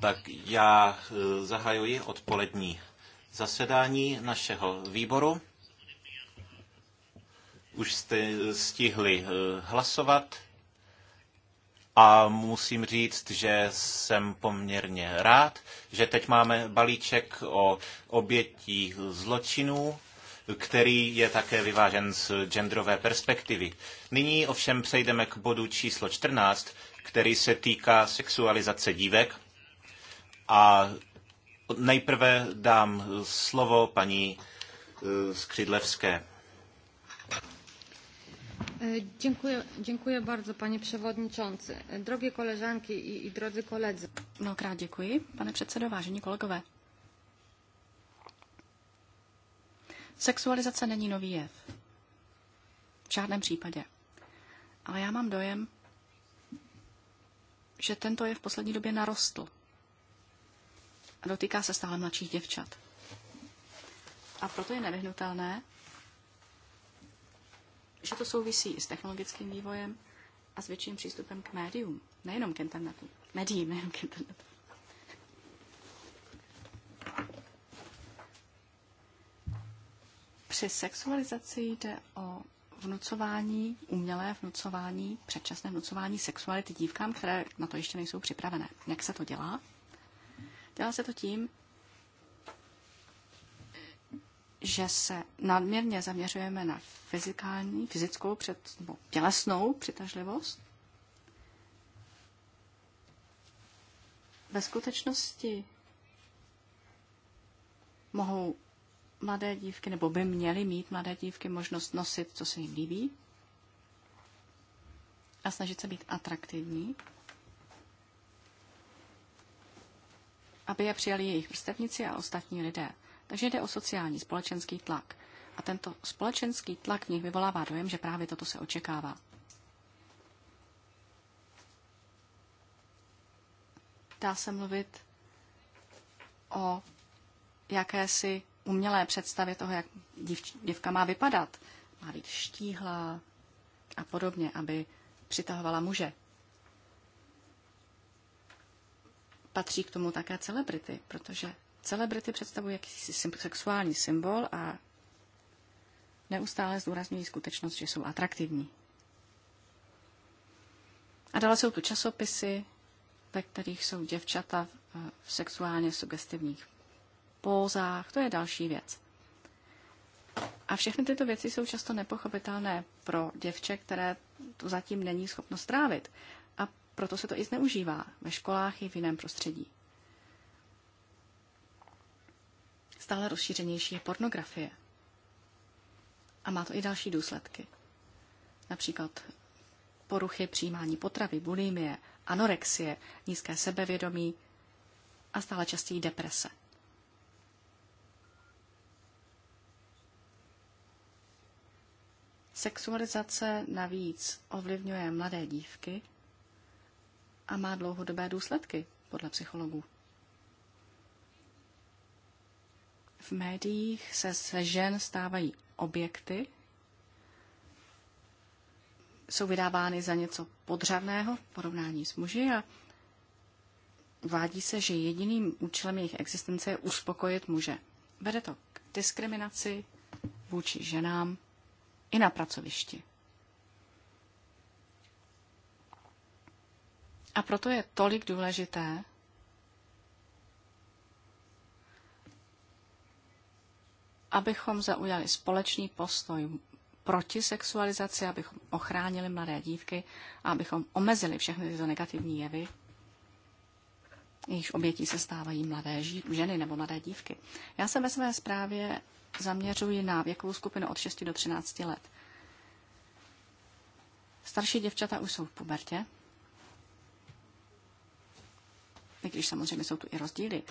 Tak já e, zahajuji odpolední zasedání našeho výboru. Už jste e, stihli e, hlasovat a musím říct, že jsem poměrně rád, že teď máme balíček o obětí zločinů který je také vyvážen z genderové perspektivy. Nyní ovšem přejdeme k bodu číslo 14, který se týká sexualizace dívek. A nejprve dám slovo paní eh, Skřidlevské. Dziękuję, dziękuję bardzo, panie przewodniczący. Drogie koleżanki i, i drodzy koledzy. Mnohokrát děkuji, pane předsedo, vážení kolegové. Sexualizace není nový jev. V žádném případě. Ale já mám dojem, že tento jev v poslední době narostl. A dotýká se stále mladších děvčat. A proto je nevyhnutelné, že to souvisí i s technologickým vývojem a s větším přístupem k médium. Nejenom k internetu. Médiím, nejenom k internetu. Při sexualizaci jde o vnucování, umělé vnucování, předčasné vnucování sexuality dívkám, které na to ještě nejsou připravené. Jak se to dělá? Dělá se to tím, že se nadměrně zaměřujeme na fyzikální, fyzickou před, nebo tělesnou přitažlivost. Ve skutečnosti mohou mladé dívky, nebo by měly mít mladé dívky možnost nosit, co se jim líbí a snažit se být atraktivní, aby je přijali jejich vrstevníci a ostatní lidé. Takže jde o sociální, společenský tlak. A tento společenský tlak v nich vyvolává dojem, že právě toto se očekává. Dá se mluvit o jakési umělé představě toho, jak dívka má vypadat. Má být štíhlá a podobně, aby přitahovala muže. Patří k tomu také celebrity, protože celebrity představují jakýsi sexuální symbol a neustále zdůrazňují skutečnost, že jsou atraktivní. A dále jsou tu časopisy, ve kterých jsou děvčata v eh, sexuálně sugestivních pózách, to je další věc. A všechny tyto věci jsou často nepochopitelné pro děvče, které to zatím není schopno strávit. A proto se to i zneužívá ve školách i v jiném prostředí. Stále rozšířenější je pornografie. A má to i další důsledky. Například poruchy přijímání potravy, bulimie, anorexie, nízké sebevědomí a stále častěji deprese. Sexualizace navíc ovlivňuje mladé dívky a má dlouhodobé důsledky, podle psychologů. V médiích se ze žen stávají objekty, jsou vydávány za něco podřadného v porovnání s muži a vádí se, že jediným účelem jejich existence je uspokojit muže. Vede to k diskriminaci vůči ženám, i na pracovišti. A proto je tolik důležité, abychom zaujali společný postoj proti sexualizaci, abychom ochránili mladé dívky a abychom omezili všechny tyto negativní jevy, jejichž obětí se stávají mladé ženy nebo mladé dívky. Já jsem ve své zprávě zaměřují na věkovou skupinu od 6 do 13 let. Starší děvčata už jsou v pubertě, i když samozřejmě jsou tu i rozdíly.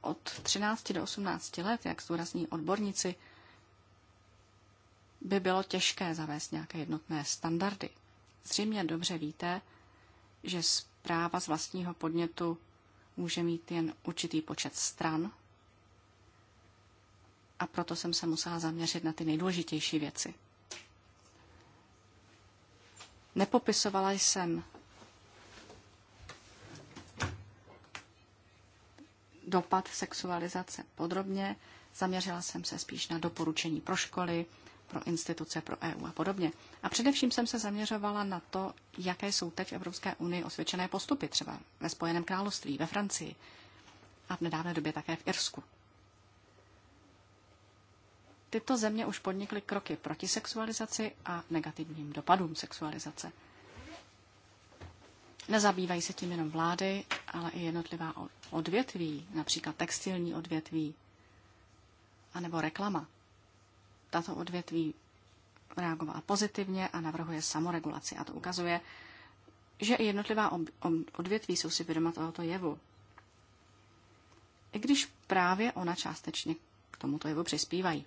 Od 13 do 18 let, jak zdůrazní odborníci, by bylo těžké zavést nějaké jednotné standardy. Zřejmě dobře víte, že zpráva z vlastního podnětu může mít jen určitý počet stran a proto jsem se musela zaměřit na ty nejdůležitější věci. Nepopisovala jsem dopad sexualizace podrobně, zaměřila jsem se spíš na doporučení pro školy, pro instituce, pro EU a podobně. A především jsem se zaměřovala na to, jaké jsou teď v Evropské unii osvědčené postupy, třeba ve Spojeném království, ve Francii a v nedávné době také v Irsku. Tyto země už podnikly kroky proti sexualizaci a negativním dopadům sexualizace. Nezabývají se tím jenom vlády, ale i jednotlivá odvětví, například textilní odvětví, anebo reklama. Tato odvětví reagovala pozitivně a navrhuje samoregulaci. A to ukazuje, že i jednotlivá odvětví jsou si vědoma tohoto jevu. I když právě ona částečně k tomuto jevu přispívají.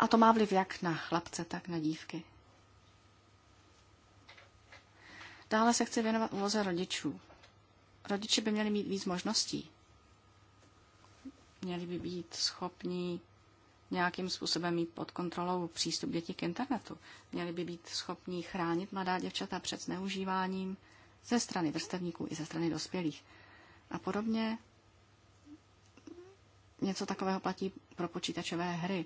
A to má vliv jak na chlapce, tak na dívky. Dále se chci věnovat úloze rodičů. Rodiči by měli mít víc možností. Měli by být schopní nějakým způsobem mít pod kontrolou přístup dětí k internetu. Měli by být schopní chránit mladá děvčata před zneužíváním ze strany vrstevníků i ze strany dospělých. A podobně něco takového platí pro počítačové hry.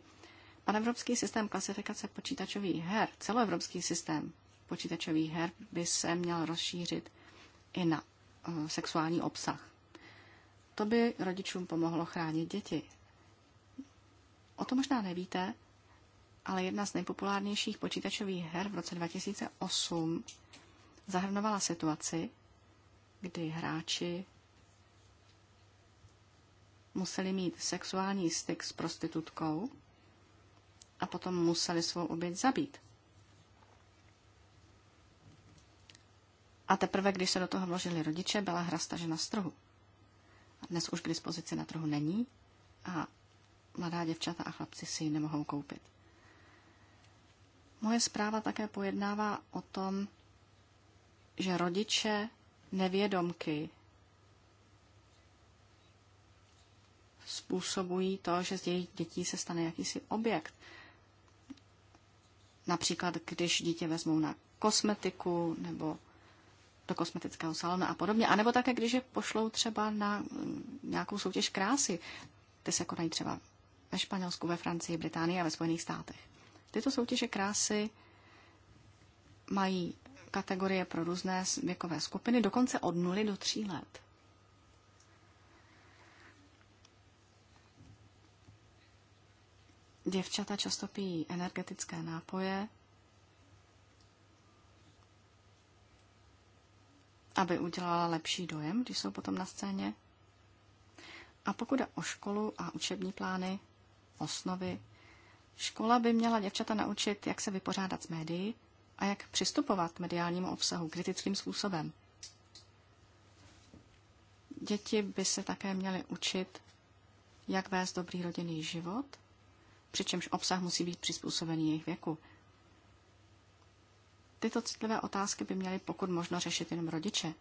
Panevropský systém klasifikace počítačových her, celoevropský systém počítačových her by se měl rozšířit i na eh, sexuální obsah. To by rodičům pomohlo chránit děti. O to možná nevíte, ale jedna z nejpopulárnějších počítačových her v roce 2008 zahrnovala situaci, kdy hráči museli mít sexuální styk s prostitutkou, a potom museli svou oběť zabít. A teprve, když se do toho vložili rodiče, byla hra stažena z trhu. Dnes už k dispozici na trhu není a mladá děvčata a chlapci si ji nemohou koupit. Moje zpráva také pojednává o tom, že rodiče nevědomky způsobují to, že z jejich dětí se stane jakýsi objekt. Například, když dítě vezmou na kosmetiku nebo do kosmetického salonu a podobně. A nebo také, když je pošlou třeba na mm, nějakou soutěž krásy. Ty se konají třeba ve Španělsku, ve Francii, Británii a ve Spojených státech. Tyto soutěže krásy mají kategorie pro různé věkové skupiny, dokonce od 0 do 3 let. Děvčata často pijí energetické nápoje, aby udělala lepší dojem, když jsou potom na scéně. A pokud jde o školu a učební plány, osnovy, škola by měla děvčata naučit, jak se vypořádat s médií a jak přistupovat k mediálnímu obsahu kritickým způsobem. Děti by se také měly učit, jak vést dobrý rodinný život – přičemž obsah musí být přizpůsobený jejich věku. Tyto citlivé otázky by měly pokud možno řešit jenom rodiče.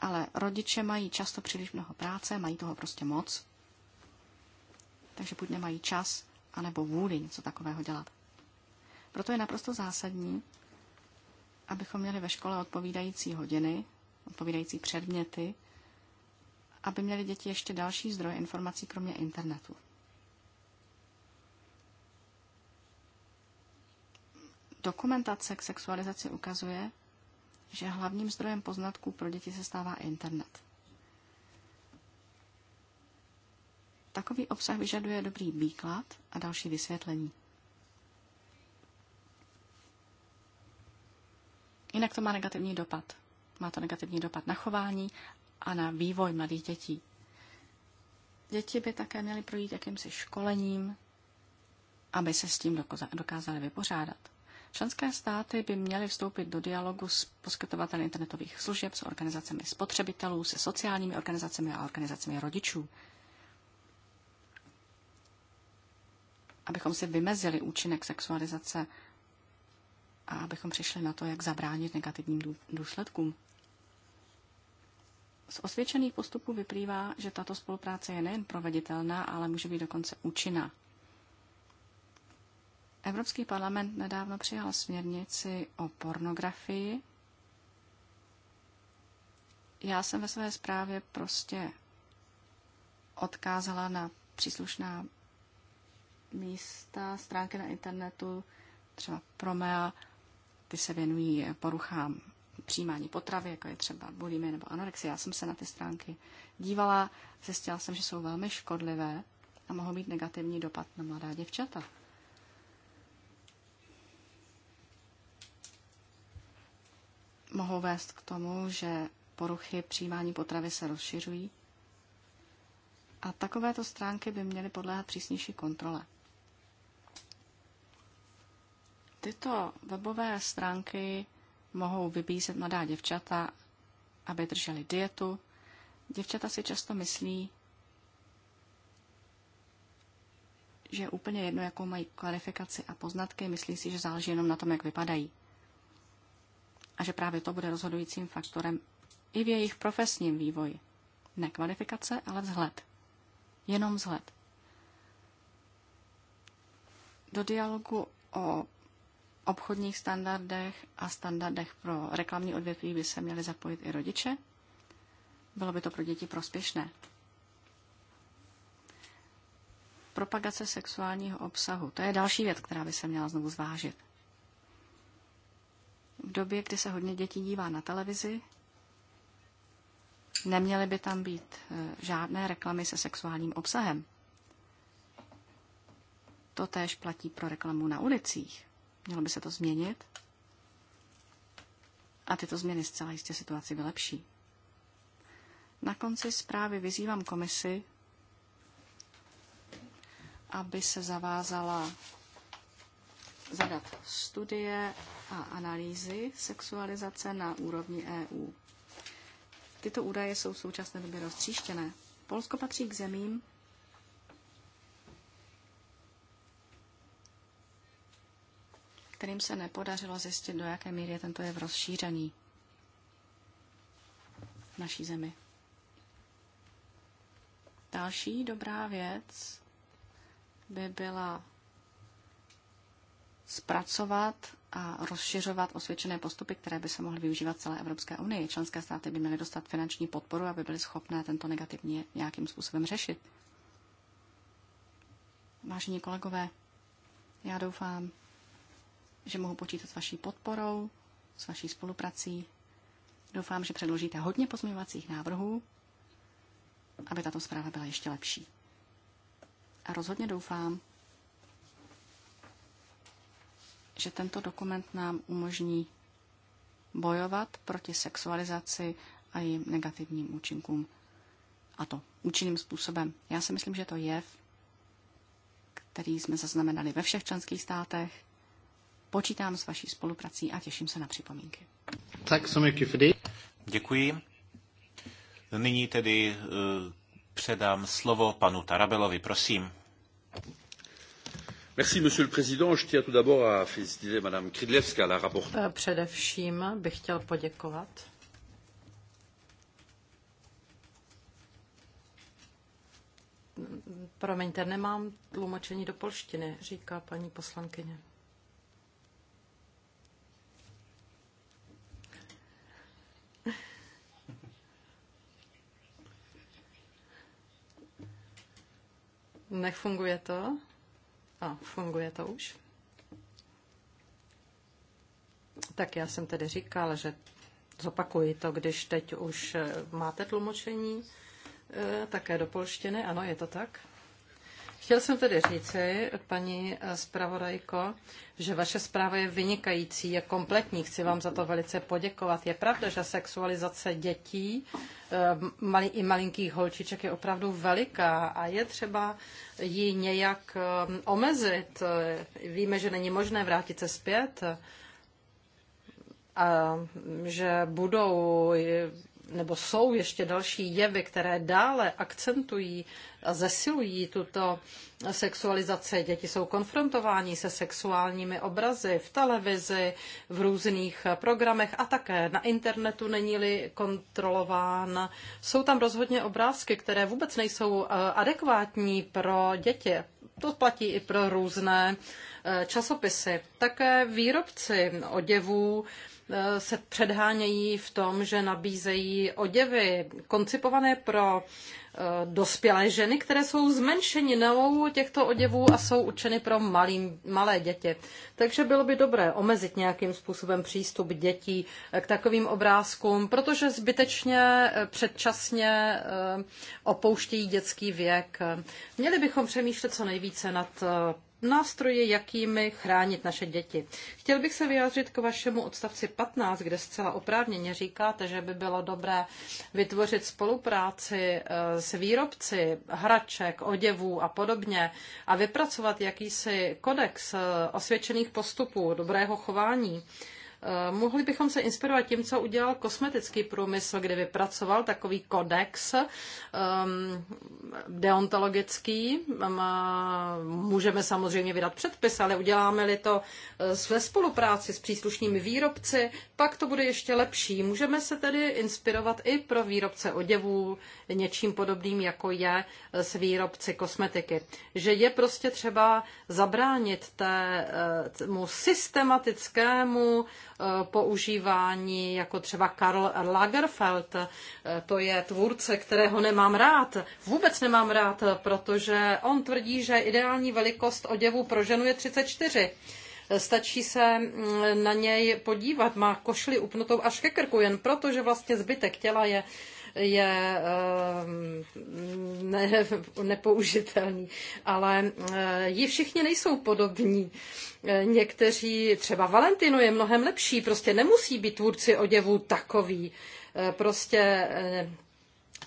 Ale rodiče mají často příliš mnoho práce, mají toho prostě moc, takže buď nemají čas, anebo vůli něco takového dělat. Proto je naprosto zásadní, abychom měli ve škole odpovídající hodiny, odpovídající předměty, aby měli děti ještě další zdroje informací kromě internetu. Dokumentace k sexualizaci ukazuje, že hlavním zdrojem poznatků pro děti se stává internet. Takový obsah vyžaduje dobrý výklad a další vysvětlení. Jinak to má negativní dopad. Má to negativní dopad na chování a na vývoj mladých dětí. Děti by také měly projít jakýmsi školením, aby se s tím dokázali vypořádat. Členské státy by měly vstoupit do dialogu s poskytovateli internetových služeb, s organizacemi spotřebitelů, se sociálními organizacemi a organizacemi rodičů. Abychom si vymezili účinek sexualizace a abychom přišli na to, jak zabránit negativním důsledkům. Z osvědčených postupů vyplývá, že tato spolupráce je nejen proveditelná, ale může být dokonce účinná. Evropský parlament nedávno přijal směrnici o pornografii. Já jsem ve své zprávě prostě odkázala na příslušná místa, stránky na internetu, třeba Promea, ty se věnují poruchám přijímání potravy, jako je třeba bulimie nebo anorexie. Já jsem se na ty stránky dívala, zjistila jsem, že jsou velmi škodlivé a mohou mít negativní dopad na mladá děvčata. mohou vést k tomu, že poruchy přijímání potravy se rozšiřují. A takovéto stránky by měly podléhat přísnější kontrole. Tyto webové stránky mohou vybízet mladá děvčata, aby drželi dietu. Děvčata si často myslí, že je úplně jedno, jakou mají kvalifikaci a poznatky, myslí si, že záleží jenom na tom, jak vypadají a že právě to bude rozhodujícím faktorem i v jejich profesním vývoji. Ne kvalifikace, ale vzhled. Jenom vzhled. Do dialogu o obchodních standardech a standardech pro reklamní odvětví by se měly zapojit i rodiče. Bylo by to pro děti prospěšné. Propagace sexuálního obsahu. To je další věc, která by se měla znovu zvážit v době, kdy se hodně dětí dívá na televizi, neměly by tam být e, žádné reklamy se sexuálním obsahem. To též platí pro reklamu na ulicích. Mělo by se to změnit a tyto změny zcela jistě situaci vylepší. Na konci zprávy vyzývám komisi, aby se zavázala zadat studie a analýzy sexualizace na úrovni EU. Tyto údaje jsou v současné době roztříštěné. Polsko patří k zemím, kterým se nepodařilo zjistit, do jaké míry je tento jev rozšířený v naší zemi. Další dobrá věc by byla zpracovat a rozšiřovat osvědčené postupy, které by se mohly využívat celé Evropské unii. Členské státy by měly dostat finanční podporu, aby byly schopné tento negativní nějakým způsobem řešit. Vážení kolegové, já doufám, že mohu počítat s vaší podporou, s vaší spoluprací. Doufám, že předložíte hodně pozměňovacích návrhů, aby tato zpráva byla ještě lepší. A rozhodně doufám, že tento dokument nám umožní bojovat proti sexualizaci a jejím negativním účinkům. A to účinným způsobem. Já si myslím, že to jev, který jsme zaznamenali ve všech členských státech. Počítám s vaší spoluprací a těším se na připomínky. Tak so mycket Děkuji. Nyní tedy eh, předám slovo panu Tarabelovi, prosím. Merci, monsieur le président. Je tiens tout d'abord à féliciter madame Kridlevska, la rapporteure. Eh, především bych chtěl poděkovat Promiňte, nemám tlumočení do polštiny, říká paní poslankyně. Nefunguje to? A funguje to už? Tak já jsem tedy říkal, že zopakuji to, když teď už máte tlumočení eh, také do polštiny, ano, je to tak. Chtěl jsem tedy říci, paní zpravodajko, že vaše zpráva je vynikající, je kompletní. Chci vám za to velice poděkovat. Je pravda, že sexualizace dětí eh, malý, i malinkých holčiček je opravdu veliká a je třeba ji nějak eh, omezit. Eh, víme, že není možné vrátit se zpět a že budou nebo jsou ještě další jevy, které dále akcentují a zesilují tuto sexualizaci. Děti jsou konfrontováni se sexuálními obrazy v televizi, v různých programech a také na internetu není-li kontrolován. Jsou tam rozhodně obrázky, které vůbec nejsou eh, adekvátní pro děti. To platí i pro různé eh, časopisy. Také výrobci oděvů Eh, se předhánějí v tom, že nabízejí oděvy koncipované pro eh, dospělé ženy, které jsou zmenšeninou těchto oděvů a jsou učeny pro malý, malé děti. Takže bylo by dobré omezit nějakým způsobem přístup dětí eh, k takovým obrázkům, protože zbytečně předčasně opouštějí dětský věk. Měli bychom přemýšlet co nejvíce nad nástroje, jakými chránit naše děti. Chtěl bych se vyjádřit k vašemu odstavci 15, kde zcela oprávněně říkáte, že by bylo dobré vytvořit spolupráci eh, s výrobci hraček, oděvů a podobně a vypracovat jakýsi kodex eh, osvědčených postupů, dobrého chování. Eh, mohli bychom se inspirovat tím, co udělal kosmetický průmysl, kdy vypracoval takový kodex um, deontologický. Ehm, můžeme samozřejmě vydat předpis, ale uděláme-li to eh, ve spolupráci s příslušnými výrobci, pak to bude ještě lepší. Můžeme se tedy inspirovat i pro výrobce oděvů něčím podobným, jako je eh, s výrobci kosmetiky. Že je prostě třeba zabránit tému systematickému Eh, používání, jako třeba Karl Lagerfeld, eh, to je tvůrce, kterého nemám rád, vůbec nemám rád, protože on tvrdí, že ideální velikost oděvu pro ženu je 34. Stačí se mm, na něj podívat, má košli upnutou až ke krku, jen proto, že vlastně zbytek těla je je ehm, ne, nepoužitelný, ale eh, ji všichni nejsou podobní. Eh, někteří, třeba Valentino je mnohem lepší, prostě nemusí být tvůrci oděvů takový. Eh, prostě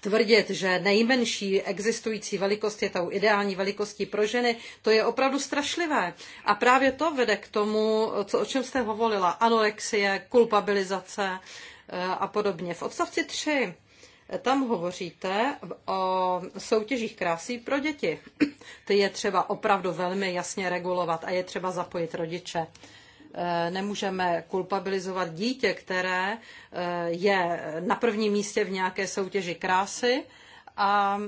tvrdit, že nejmenší existující velikost je tou ideální velikostí pro ženy, to je opravdu strašlivé. A právě to vede k tomu, co, o čem jste hovorila, anorexie, kulpabilizace a podobně. V odstavci 3 tam hovoříte o soutěžích krásy pro děti. Ty je třeba opravdu velmi jasně regulovat a je třeba zapojit rodiče. Eh, nemůžeme kulpabilizovat dítě, které eh, je na prvním místě v nějaké soutěži krásy a mm,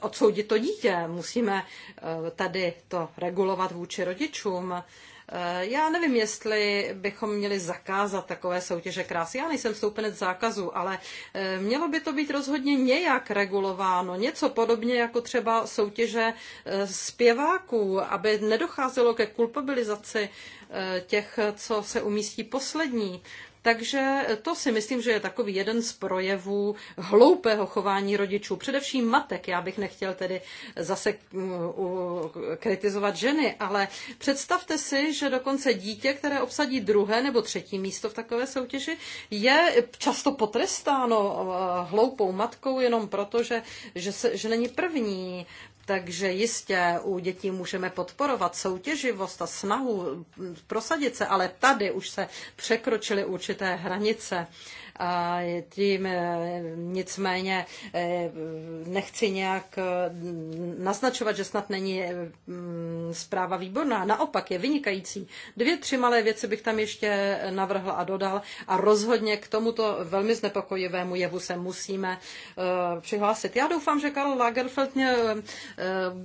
odsoudit to dítě. Musíme eh, tady to regulovat vůči rodičům. Eh, já nevím, jestli bychom měli zakázat takové soutěže krásy. Já nejsem stoupenec zákazu, ale eh, mělo by to být rozhodně nějak regulováno. Něco podobně jako třeba soutěže eh, zpěváků, aby nedocházelo ke kulpabilizaci těch, co se umístí poslední. Takže to si myslím, že je takový jeden z projevů hloupého chování rodičů, především matek. Já bych nechtěl tedy zase mm, kritizovat ženy, ale představte si, že dokonce dítě, které obsadí druhé nebo třetí místo v takové soutěži, je často potrestáno eh, hloupou matkou jenom proto, že, že, se, že není první. Takže jistě u dětí můžeme podporovat soutěživost a snahu prosadit se, ale tady už se překročily určité hranice a tím eh, nicméně eh, nechci nějak eh, naznačovat, že snad není mm, zpráva výborná. Naopak je vynikající. Dvě, tři malé věci bych tam ještě navrhl a dodal a rozhodně k tomuto velmi znepokojivému jevu se musíme přihlásit. Já doufám, že Karl Lagerfeld mě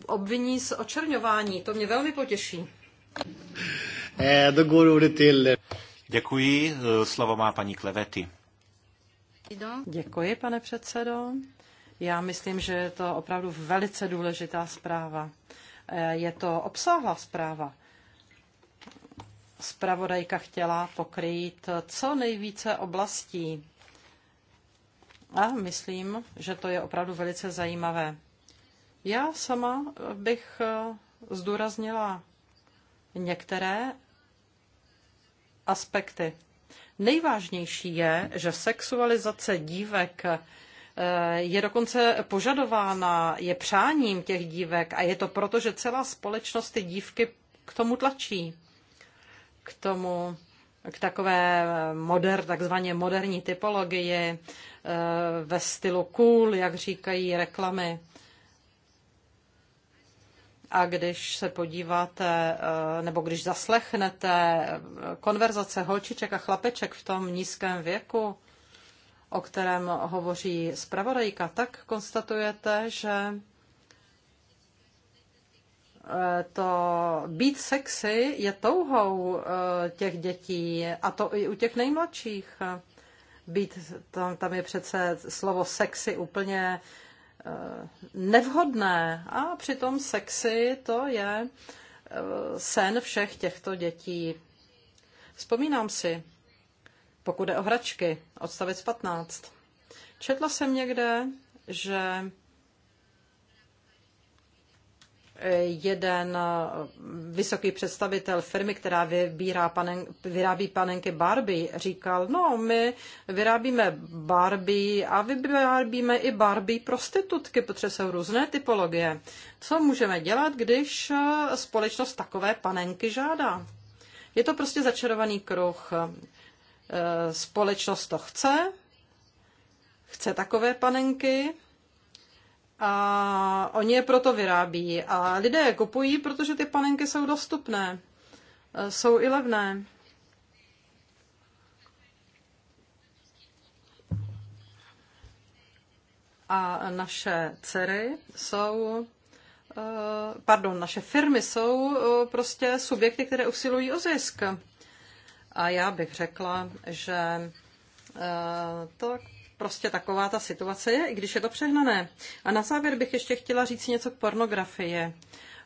obviní z očerňování. To mě velmi potěší. Děkuji. Slovo má paní Klevety. Děkuji, pane předsedo. Já myslím, že je to opravdu velice důležitá zpráva. Je to obsáhlá zpráva. Spravodajka chtěla pokrýt co nejvíce oblastí. A myslím, že to je opravdu velice zajímavé. Já sama bych eh, zdůraznila některé aspekty. Nejvážnější je, že sexualizace dívek eh, je dokonce požadována, je přáním těch dívek a je to proto, že celá společnost ty dívky k tomu tlačí. K tomu, k takové eh, moder, takzvaně moderní typologii eh, ve stylu cool, jak říkají reklamy. A když se podíváte, eh, nebo když zaslechnete eh, konverzace holčiček a chlapeček v tom nízkém věku, o kterém hovoří zpravodajka, tak konstatujete, že eh, to být sexy je touhou těch dětí, a to i u těch nejmladších. Být, tam, tam je přece slovo sexy úplně Eh, nevhodné a přitom sexy to je eh, sen všech těchto dětí. Vzpomínám si, pokud jde o hračky, odstavec 15. Četla jsem někde, že jeden vysoký představitel firmy, která vybírá panen, vyrábí panenky Barbie, říkal, no my vyrábíme Barbie a vyrábíme i Barbie prostitutky, protože jsou různé typologie. Co můžeme dělat, když společnost takové panenky žádá? Je to prostě začarovaný kruh. E, společnost to chce, chce takové panenky, a oni je proto vyrábí. A lidé je kupují, protože ty panenky jsou dostupné. E, jsou i levné. A naše dcery jsou, e, pardon, naše firmy jsou e, prostě subjekty, které usilují o zisk. A já bych řekla, že tak prostě taková ta situace je, i když je to přehnané. A na závěr bych ještě chtěla říct něco k pornografii.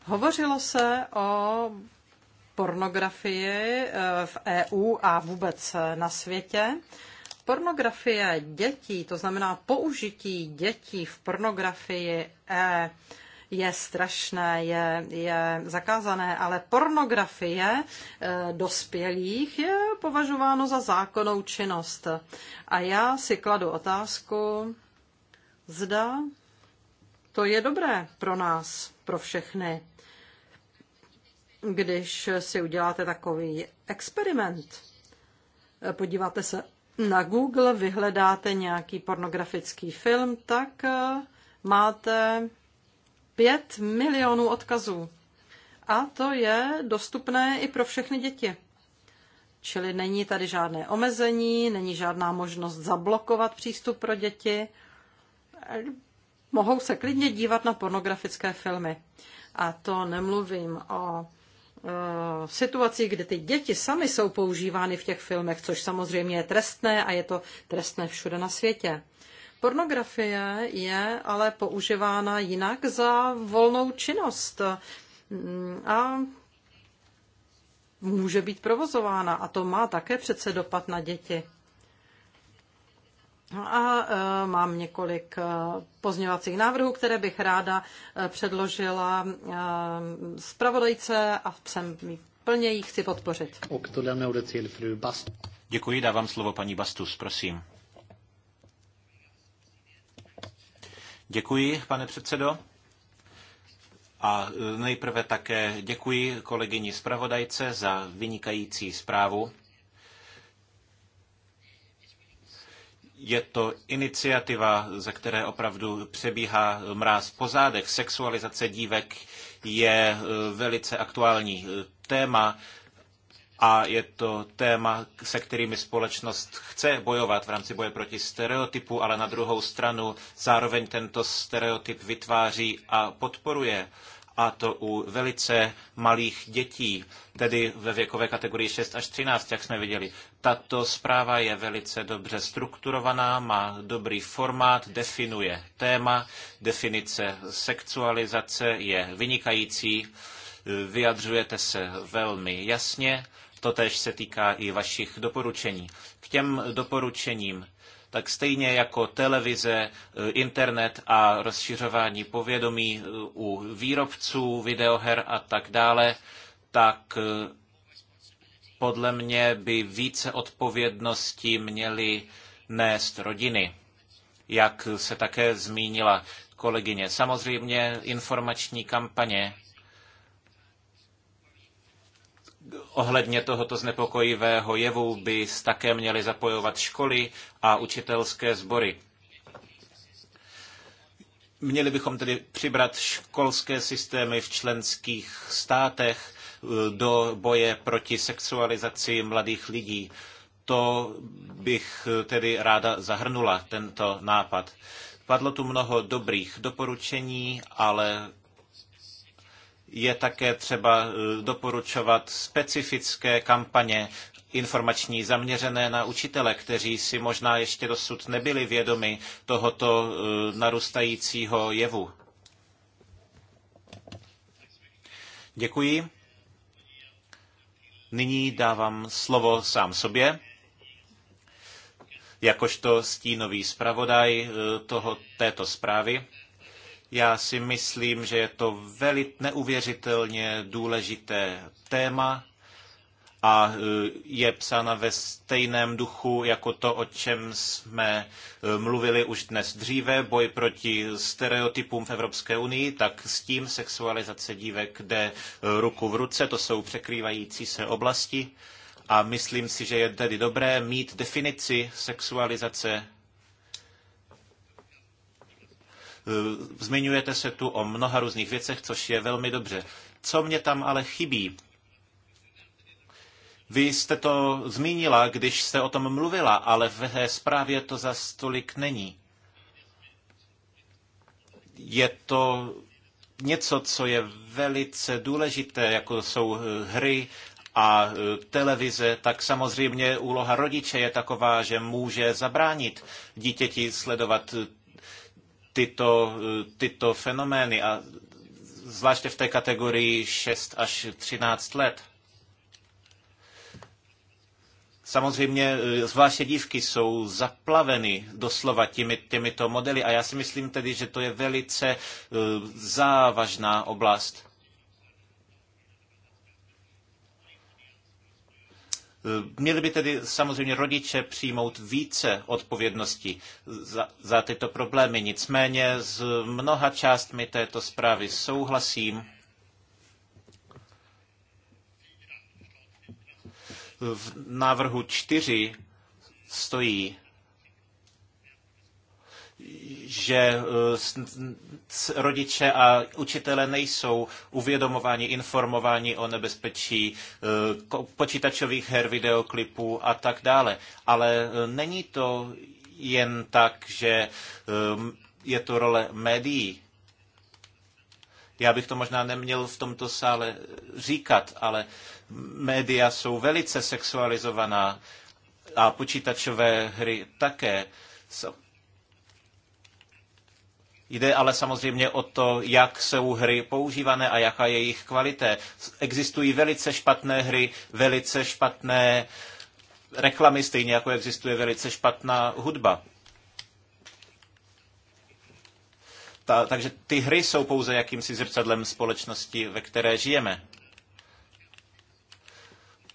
Hovořilo se o pornografii eh, v EU a vůbec eh, na světě. Pornografie dětí, to znamená použití dětí v pornografii EU, eh, je strašné, je, je zakázané, ale pornografie eh, dospělých je považováno za zákonnou činnost. A já si kladu otázku, zda to je dobré pro nás, pro všechny. Když si uděláte takový experiment, podíváte se na Google, vyhledáte nějaký pornografický film, tak eh, máte 5 milionů odkazů. A to je dostupné i pro všechny děti. Čili není tady žádné omezení, není žádná možnost zablokovat přístup pro děti. Mohou se klidně dívat na pornografické filmy. A to nemluvím o e, situaci, kdy ty děti sami jsou používány v těch filmech, což samozřejmě je trestné a je to trestné všude na světě. Pornografie je ale používána jinak za volnou činnost a může být provozována a to má také přece dopad na děti. A e, mám několik e, pozměňovacích návrhů, které bych ráda e, předložila zpravodajce a jsem plně jich chci podpořit. Děkuji, dávám slovo paní Bastus, prosím. Děkuji, pane předsedo. A e, nejprve také děkuji kolegyni zpravodajce za vynikající zprávu. Je to iniciativa, ze které opravdu přebíhá mráz po zádech. Sexualizace dívek je e, velice aktuální e, téma, a je to téma, se kterými společnost chce bojovat v rámci boje proti stereotypu, ale na druhou stranu zároveň tento stereotyp vytváří a podporuje a to u velice malých dětí, tedy ve věkové kategorii 6 až 13, jak jsme viděli. Tato zpráva je velice dobře strukturovaná, má dobrý formát, definuje téma, definice sexualizace je vynikající vyjadřujete se velmi jasně totéž se týká i vašich doporučení. K těm doporučením tak stejně jako televize, eh, internet a rozšiřování povědomí eh, u výrobců videoher a tak dále, tak eh, podle mě by více odpovědnosti měly nést rodiny, jak se také zmínila kolegyně. Samozřejmě informační kampaně ohledně tohoto znepokojivého jevu by také měly zapojovat školy a učitelské sbory. Měli bychom tedy přibrat školské systémy v členských státech eh, do boje proti sexualizaci mladých lidí. To bych eh, tedy ráda zahrnula, tento nápad. Padlo tu mnoho dobrých doporučení, ale je také třeba e, doporučovat specifické kampaně informační zaměřené na učitele, kteří si možná ještě dosud nebyli vědomi tohoto e, narůstajícího jevu. Děkuji. Nyní dávám slovo sám sobě, jakožto stínový zpravodaj e, toho, této zprávy. Já si myslím, že je to velice neuvěřitelně důležité téma a e, je psána ve stejném duchu jako to, o čem jsme e, mluvili už dnes dříve, boj proti stereotypům v Evropské unii, tak s tím sexualizace dívek jde e, ruku v ruce, to jsou překrývající se oblasti a myslím si, že je tedy dobré mít definici sexualizace Eh, zmiňujete se tu o mnoha různých věcech, což je velmi dobře. Co mě tam ale chybí? Vy jste to zmínila, když jste o tom mluvila, ale ve zprávě to za stolik není. Je to něco, co je velice důležité, jako jsou eh, hry a eh, televize, tak samozřejmě úloha rodiče je taková, že může zabránit dítěti sledovat tyto, tyto fenomény, a zvláště v té kategorii 6 až 13 let. Samozřejmě eh, zvláště dívky jsou zaplaveny doslova těmi, těmito modely a já si myslím tedy, že to je velice eh, závažná oblast. Eh, měli by tedy samozřejmě rodiče přijmout více odpovědnosti za, za tyto problémy. Nicméně s mnoha částmi této zprávy souhlasím. V návrhu 4 stojí že eh, rodiče a učitele nejsou uvědomováni, informováni o nebezpečí eh, počítačových her, videoklipů a tak dále. Ale eh, není to jen tak, že je to role médií. Já bych to možná neměl v tomto sále říkat, ale média jsou velice sexualizovaná a počítačové hry také. Jde ale samozřejmě o to, jak jsou hry používané a jaká je jejich kvalita. Existují velice špatné hry, velice špatné reklamy, stejně jako existuje velice špatná hudba. Ta, takže ty hry jsou pouze jakýmsi zrcadlem společnosti, ve které žijeme.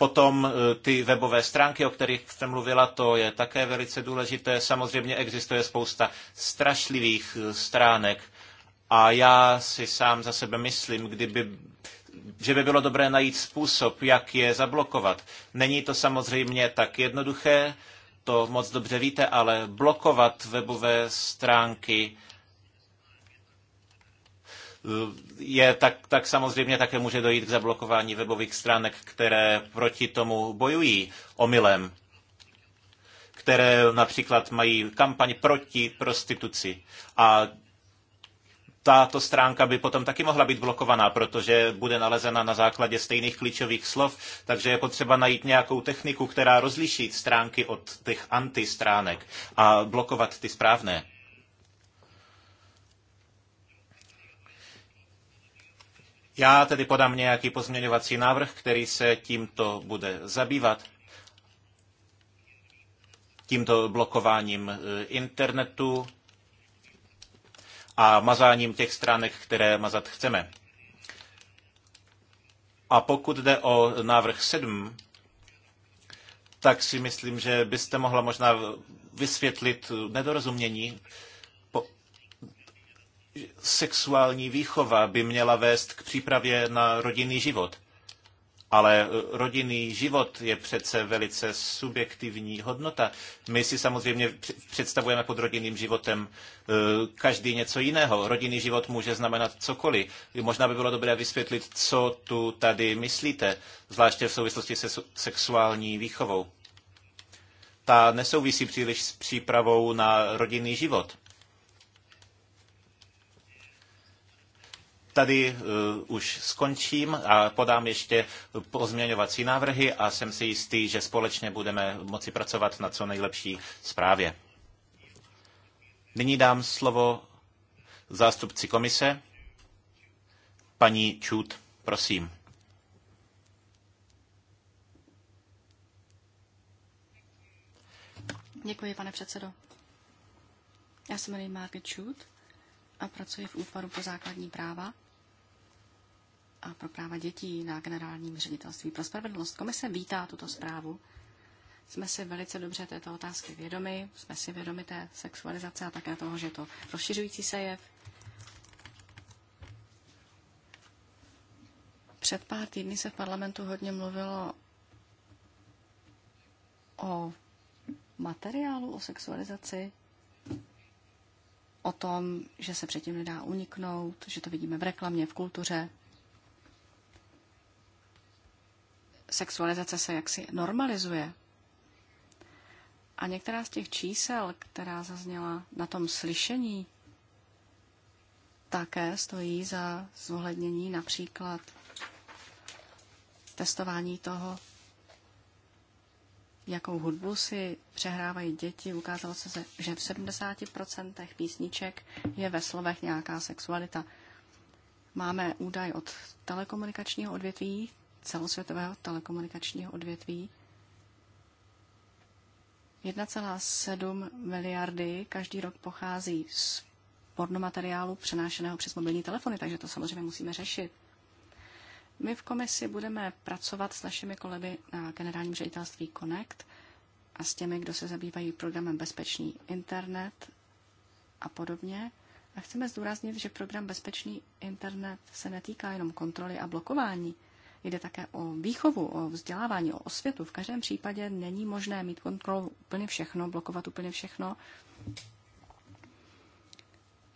Potom e, ty webové stránky, o kterých jste mluvila, to je také velice důležité. Samozřejmě existuje spousta strašlivých e, stránek a já si sám za sebe myslím, kdyby že by bylo dobré najít způsob, jak je zablokovat. Není to samozřejmě tak jednoduché, to moc dobře víte, ale blokovat webové stránky je tak, tak samozřejmě také může dojít k zablokování webových stránek, které proti tomu bojují omylem které například mají kampaň proti prostituci. A tato stránka by potom taky mohla být blokovaná, protože bude nalezena na základě stejných klíčových slov, takže je potřeba najít nějakou techniku, která rozliší stránky od těch antistránek a blokovat ty správné. Já tedy podám nějaký pozměňovací návrh, který se tímto bude zabývat tímto blokováním e, internetu a mazáním těch stránek, které mazat chceme. A pokud jde o návrh 7, tak si myslím, že byste mohla možná vysvětlit nedorozumění, sexuální výchova by měla vést k přípravě na rodinný život. Ale e, rodinný život je přece velice subjektivní hodnota. My si samozřejmě představujeme pod rodinným životem e, každý něco jiného. Rodinný život může znamenat cokoliv. Možná by bylo dobré vysvětlit, co tu tady myslíte, zvláště v souvislosti se sexuální výchovou. Ta nesouvisí příliš s přípravou na rodinný život. tady eh, už skončím a podám ještě pozměňovací návrhy a jsem si jistý, že společně budeme moci pracovat na co nejlepší zprávě. Nyní dám slovo zástupci komise. Paní Čut, prosím. Děkuji, pane předsedo. Já jsem jmenuji Margaret Čut a pracuji v útvaru pro základní práva a pro práva dětí na generálním ředitelství pro spravedlnost. Komise vítá tuto zprávu. Jsme si velice dobře této otázky vědomi, jsme si vědomi té sexualizace a také toho, že to rozšiřující se jev. Před pár týdny se v parlamentu hodně mluvilo o materiálu o sexualizaci o tom, že se předtím nedá uniknout, že to vidíme v reklamě, v kultuře. Sexualizace se jaksi normalizuje. A některá z těch čísel, která zazněla na tom slyšení, také stojí za zohlednění například testování toho, jakou hudbu si přehrávají děti, ukázalo se, že v 70% písniček je ve slovech nějaká sexualita. Máme údaj od telekomunikačního odvětví, celosvětového telekomunikačního odvětví. 1,7 miliardy každý rok pochází z pornomateriálu přenášeného přes mobilní telefony, takže to samozřejmě musíme řešit. My v komisi budeme pracovat s našimi kolegy na generálním ředitelství Connect a s těmi, kdo se zabývají programem Bezpečný internet a podobně. A chceme zdůraznit, že program Bezpečný internet se netýká jenom kontroly a blokování. Jde také o výchovu, o vzdělávání, o osvětu. V každém případě není možné mít kontrolu úplně všechno, blokovat úplně všechno.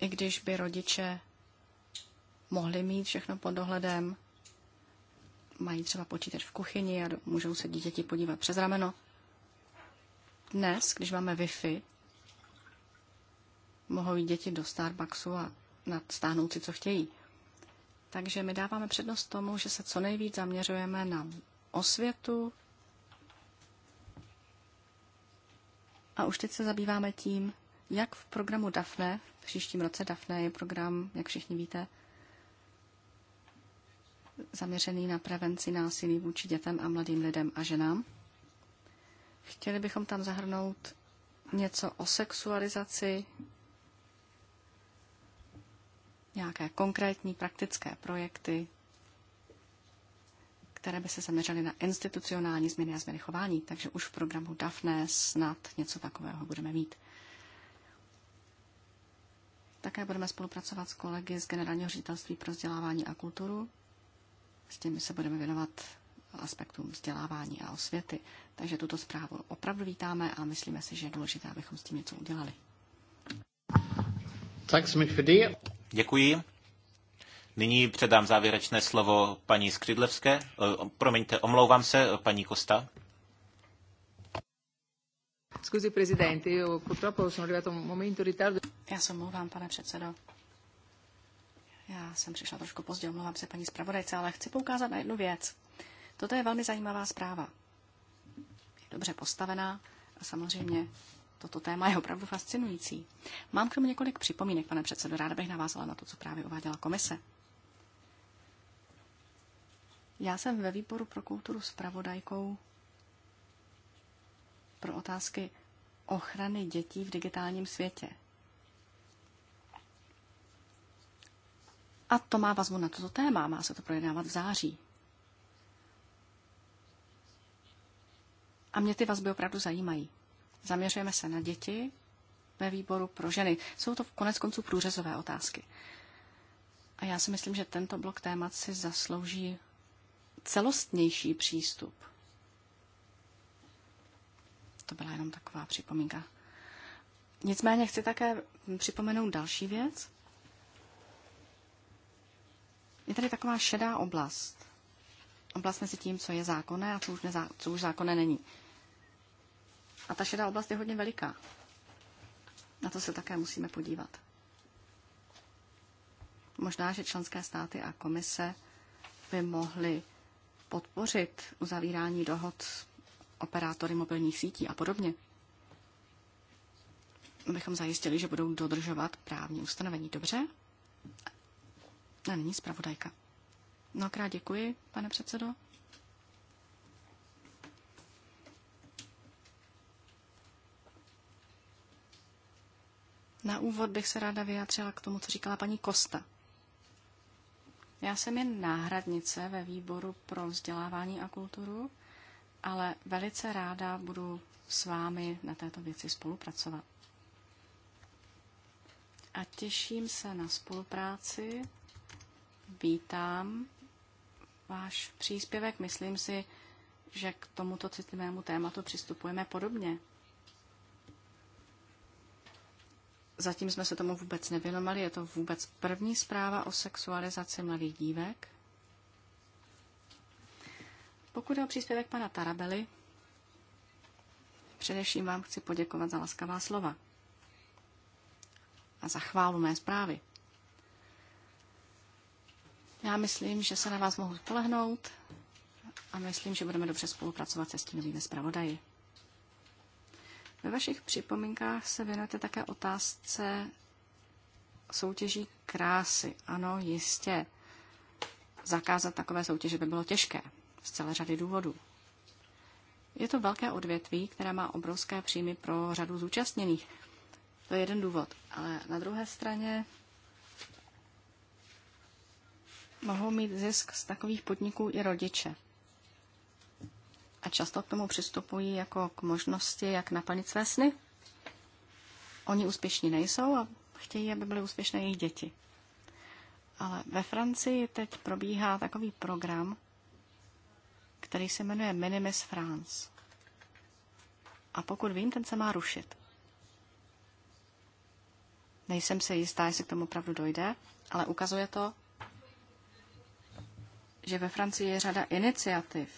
I když by rodiče mohli mít všechno pod dohledem, mají třeba počítač v kuchyni a můžou se dítěti podívat přes rameno. Dnes, když máme Wi-Fi, mohou jít děti do Starbucksu a nadstáhnout si, co chtějí. Takže my dáváme přednost tomu, že se co nejvíc zaměřujeme na osvětu a už teď se zabýváme tím, jak v programu DAFNE, v příštím roce DAFNE je program, jak všichni víte, zaměřený na prevenci násilí vůči dětem a mladým lidem a ženám. Chtěli bychom tam zahrnout něco o sexualizaci, nějaké konkrétní praktické projekty, které by se zaměřily na institucionální změny a změny chování. Takže už v programu DAFNE snad něco takového budeme mít. Také budeme spolupracovat s kolegy z Generálního ředitelství pro vzdělávání a kulturu s těmi se budeme věnovat aspektům vzdělávání a osvěty. Takže tuto zprávu opravdu vítáme a myslíme si, že je důležité, abychom s tím něco udělali. Tak jsme Děkuji. Nyní předám závěrečné slovo paní Skřidlevské. Eh, promiňte, omlouvám se, paní Kosta. Scusi, prezidenti, purtroppo sono arrivato un momento in ritardo. Já se omlouvám, pane předsedo. Já jsem přišla trošku pozdě, omlouvám se paní zpravodajce, ale chci poukázat na jednu věc. Toto je velmi zajímavá zpráva. Je dobře postavená a samozřejmě toto téma je opravdu fascinující. Mám k tomu několik připomínek, pane předsedo, ráda bych navázala na to, co právě uváděla komise. Já jsem ve výboru pro kulturu s pravodajkou pro otázky ochrany dětí v digitálním světě. A to má vazbu na toto téma, má se to projednávat v září. A mě ty vazby opravdu zajímají. Zaměřujeme se na děti ve výboru pro ženy. Jsou to v konec konců průřezové otázky. A já si myslím, že tento blok témat si zaslouží celostnější přístup. To byla jenom taková připomínka. Nicméně chci také připomenout další věc. Je tady taková šedá oblast. Oblast mezi tím, co je zákonné a co už, nezá, co už zákonné není. A ta šedá oblast je hodně veliká. Na to se také musíme podívat. Možná, že členské státy a komise by mohly podpořit uzavírání dohod s operátory mobilních sítí a podobně. Abychom zajistili, že budou dodržovat právní ustanovení. Dobře? A není zpravodajka. Mnohokrát děkuji, pane předsedo. Na úvod bych se ráda vyjádřila k tomu, co říkala paní Kosta. Já jsem jen náhradnice ve výboru pro vzdělávání a kulturu, ale velice ráda budu s vámi na této věci spolupracovat. A těším se na spolupráci vítám váš příspěvek. Myslím si, že k tomuto citlivému tématu přistupujeme podobně. Zatím jsme se tomu vůbec nevěnovali. Je to vůbec první zpráva o sexualizaci mladých dívek. Pokud je o příspěvek pana Tarabely, především vám chci poděkovat za laskavá slova a za chválu mé zprávy. Já myslím, že se na vás mohu spolehnout a myslím, že budeme dobře spolupracovat se stínovými zpravodaji. Ve vašich připomínkách se věnujete také otázce soutěží krásy. Ano, jistě. Zakázat takové soutěže by bylo těžké z celé řady důvodů. Je to velké odvětví, které má obrovské příjmy pro řadu zúčastněných. To je jeden důvod. Ale na druhé straně mohou mít zisk z takových podniků i rodiče. A často k tomu přistupují jako k možnosti, jak naplnit své sny. Oni úspěšní nejsou a chtějí, aby byly úspěšné jejich děti. Ale ve Francii teď probíhá takový program, který se jmenuje Minimis France. A pokud vím, ten se má rušit. Nejsem si jistá, jestli k tomu opravdu dojde, ale ukazuje to, že ve Francii je řada iniciativ,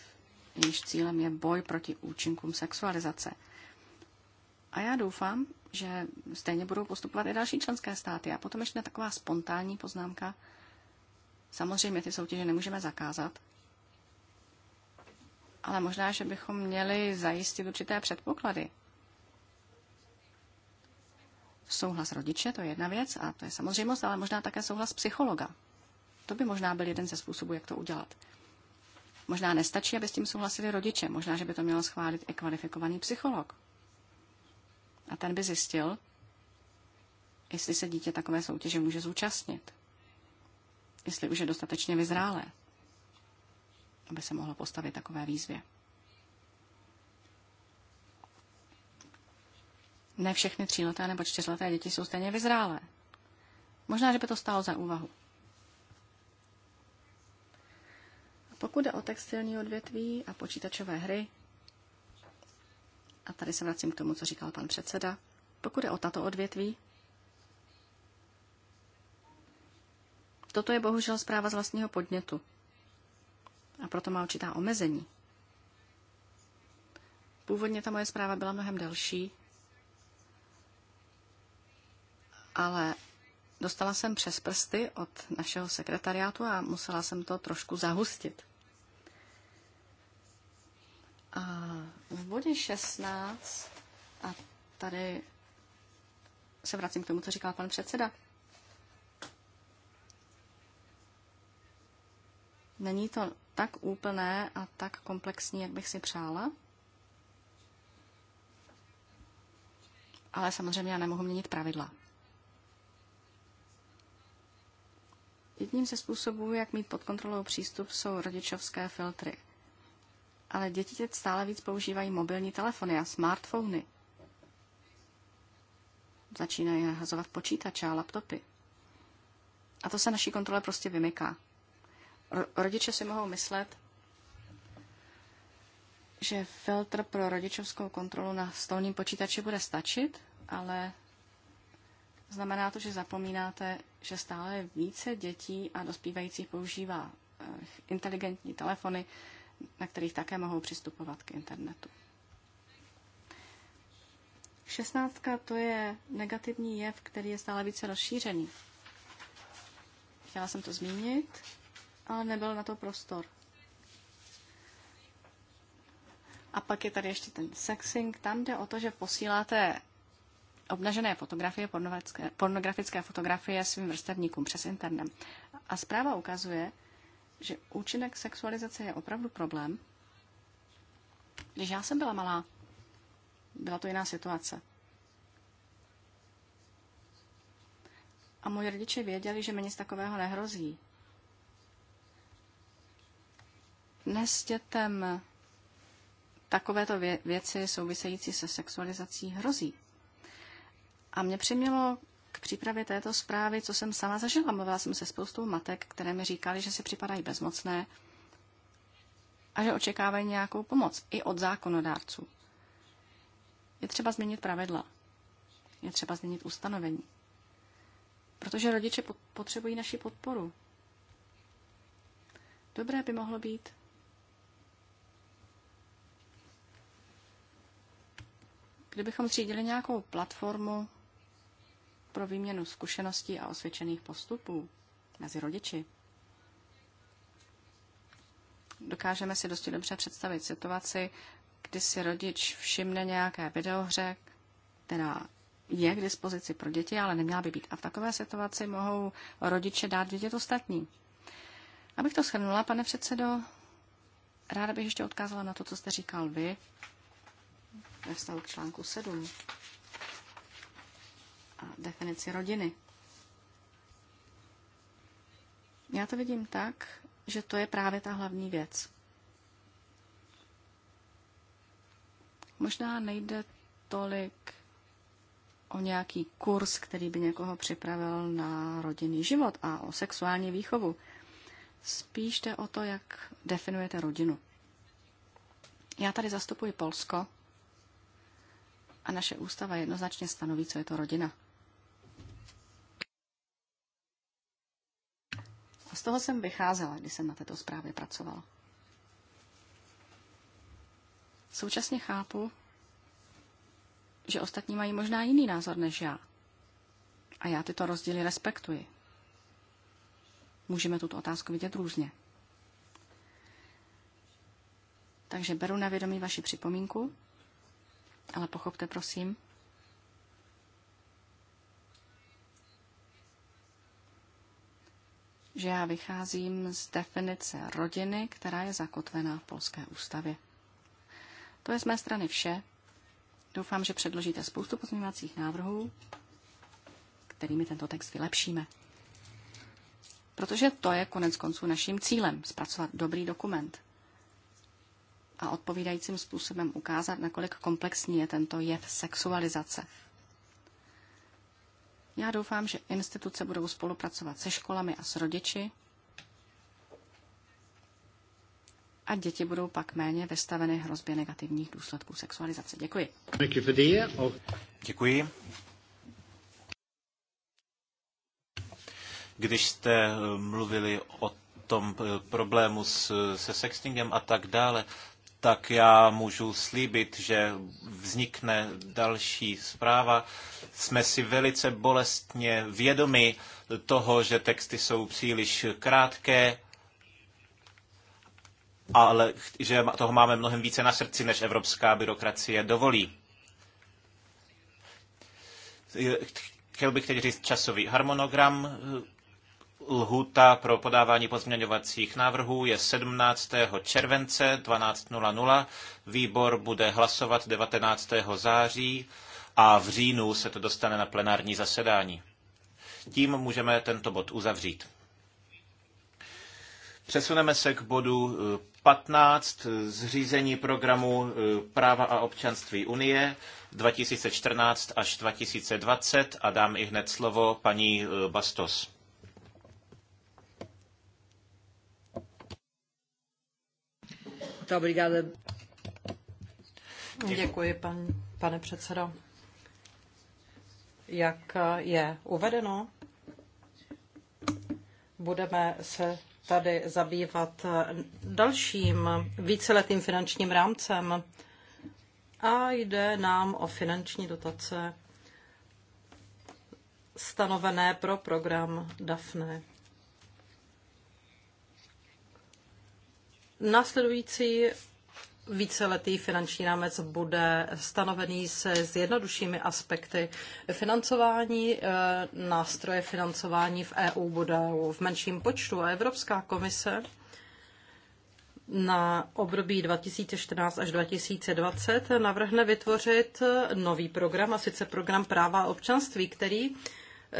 jejichž cílem je boj proti účinkům sexualizace. A já doufám, že stejně budou postupovat i další členské státy. A potom ještě taková spontánní poznámka. Samozřejmě ty soutěže nemůžeme zakázat, ale možná, že bychom měli zajistit určité předpoklady. Souhlas rodiče, to je jedna věc a to je samozřejmost, ale možná také souhlas psychologa. To by možná byl jeden ze způsobů, jak to udělat. Možná nestačí, aby s tím souhlasili rodiče, možná, že by to měl schválit i kvalifikovaný psycholog. A ten by zjistil, jestli se dítě takové soutěže může zúčastnit, jestli už je dostatečně vyzrálé, aby se mohlo postavit takové výzvě. Ne všechny tříleté nebo čtyřleté děti jsou stejně vyzrálé. Možná, že by to stálo za úvahu. Pokud jde o textilní odvětví a počítačové hry, a tady se vracím k tomu, co říkal pan předseda, pokud jde o tato odvětví, toto je bohužel zpráva z vlastního podnětu a proto má určitá omezení. Původně ta moje zpráva byla mnohem delší, ale dostala jsem přes prsty od našeho sekretariátu a musela jsem to trošku zahustit. A v bodě 16, a tady se vracím k tomu, co říkal pan předseda, Není to tak úplné a tak komplexní, jak bych si přála. Ale samozřejmě já nemohu měnit pravidla. Jedním ze způsobů, jak mít pod kontrolou přístup, jsou rodičovské filtry. Ale děti teď stále víc používají mobilní telefony a smartfony. Začínají hazovat počítače a laptopy. A to se naší kontrole prostě vymyká. Rodiče si mohou myslet, že filtr pro rodičovskou kontrolu na stolním počítači bude stačit, ale Znamená to, že zapomínáte, že stále více dětí a dospívajících používá eh, inteligentní telefony, na kterých také mohou přistupovat k internetu. Šestnáctka to je negativní jev, který je stále více rozšířený. Chtěla jsem to zmínit, ale nebyl na to prostor. A pak je tady ještě ten sexing. Tam jde o to, že posíláte obnažené fotografie, pornografické, pornografické fotografie svým vrstevníkům přes internet. A zpráva ukazuje, že účinek sexualizace je opravdu problém. Když já jsem byla malá, byla to jiná situace. A moji rodiče věděli, že mi nic takového nehrozí. Dnes dětem takovéto věci související se sexualizací hrozí. A mě přimělo k přípravě této zprávy, co jsem sama zažila. Mluvila jsem se spoustou matek, které mi říkali, že si připadají bezmocné a že očekávají nějakou pomoc i od zákonodárců. Je třeba změnit pravidla. Je třeba změnit ustanovení. Protože rodiče potřebují naši podporu. Dobré by mohlo být, kdybychom zřídili nějakou platformu pro výměnu zkušeností a osvědčených postupů mezi rodiči. Dokážeme si dosti dobře představit situaci, kdy si rodič všimne nějaké videohře, která je k dispozici pro děti, ale neměla by být. A v takové situaci mohou rodiče dát vědět ostatní. Abych to shrnula, pane předsedo, ráda bych ještě odkázala na to, co jste říkal vy ve vztahu k článku 7 a definici rodiny. Já to vidím tak, že to je právě ta hlavní věc. Možná nejde tolik o nějaký kurz, který by někoho připravil na rodinný život a o sexuální výchovu. Spíš jde o to, jak definujete rodinu. Já tady zastupuji Polsko a naše ústava jednoznačně stanoví, co je to rodina. Z toho jsem vycházela, když jsem na této zprávě pracovala. Současně chápu, že ostatní mají možná jiný názor než já. A já tyto rozdíly respektuji. Můžeme tuto otázku vidět různě. Takže beru na vědomí vaši připomínku, ale pochopte prosím, že já vycházím z definice rodiny, která je zakotvená v Polské ústavě. To je z mé strany vše. Doufám, že předložíte spoustu pozměňovacích návrhů, kterými tento text vylepšíme. Protože to je konec konců naším cílem, zpracovat dobrý dokument a odpovídajícím způsobem ukázat, nakolik komplexní je tento jev sexualizace. Já doufám, že instituce budou spolupracovat se školami a s rodiči a děti budou pak méně vystaveny hrozbě negativních důsledků sexualizace. Děkuji. Oh. Děkuji. Když jste eh, mluvili o tom eh, problému s, se sextingem a tak dále, tak já můžu slíbit, že vznikne další zpráva. Jsme si velice bolestně vědomi toho, že texty jsou příliš krátké, ale že toho máme mnohem více na srdci, než evropská byrokracie dovolí. Chtěl bych teď říct časový harmonogram Lhuta pro podávání pozměňovacích návrhů je 17. července 12.00. Výbor bude hlasovat 19. září a v říjnu se to dostane na plenární zasedání. Tím můžeme tento bod uzavřít. Přesuneme se k bodu 15, eh, zřízení programu eh, Práva a občanství Unie 2014 až 2020 a dám i hned slovo paní eh, Bastos. Děkuji, pan, pane předsedo. Jak je uvedeno, budeme se tady zabývat dalším víceletým finančním rámcem a jde nám o finanční dotace stanovené pro program DAFNE. Následující víceletý finanční rámec bude stanovený se jednoduššími aspekty financování. E, nástroje financování v EU budou v menším počtu a Evropská komise na období 2014 až 2020 navrhne vytvořit nový program, a sice program práva a občanství, který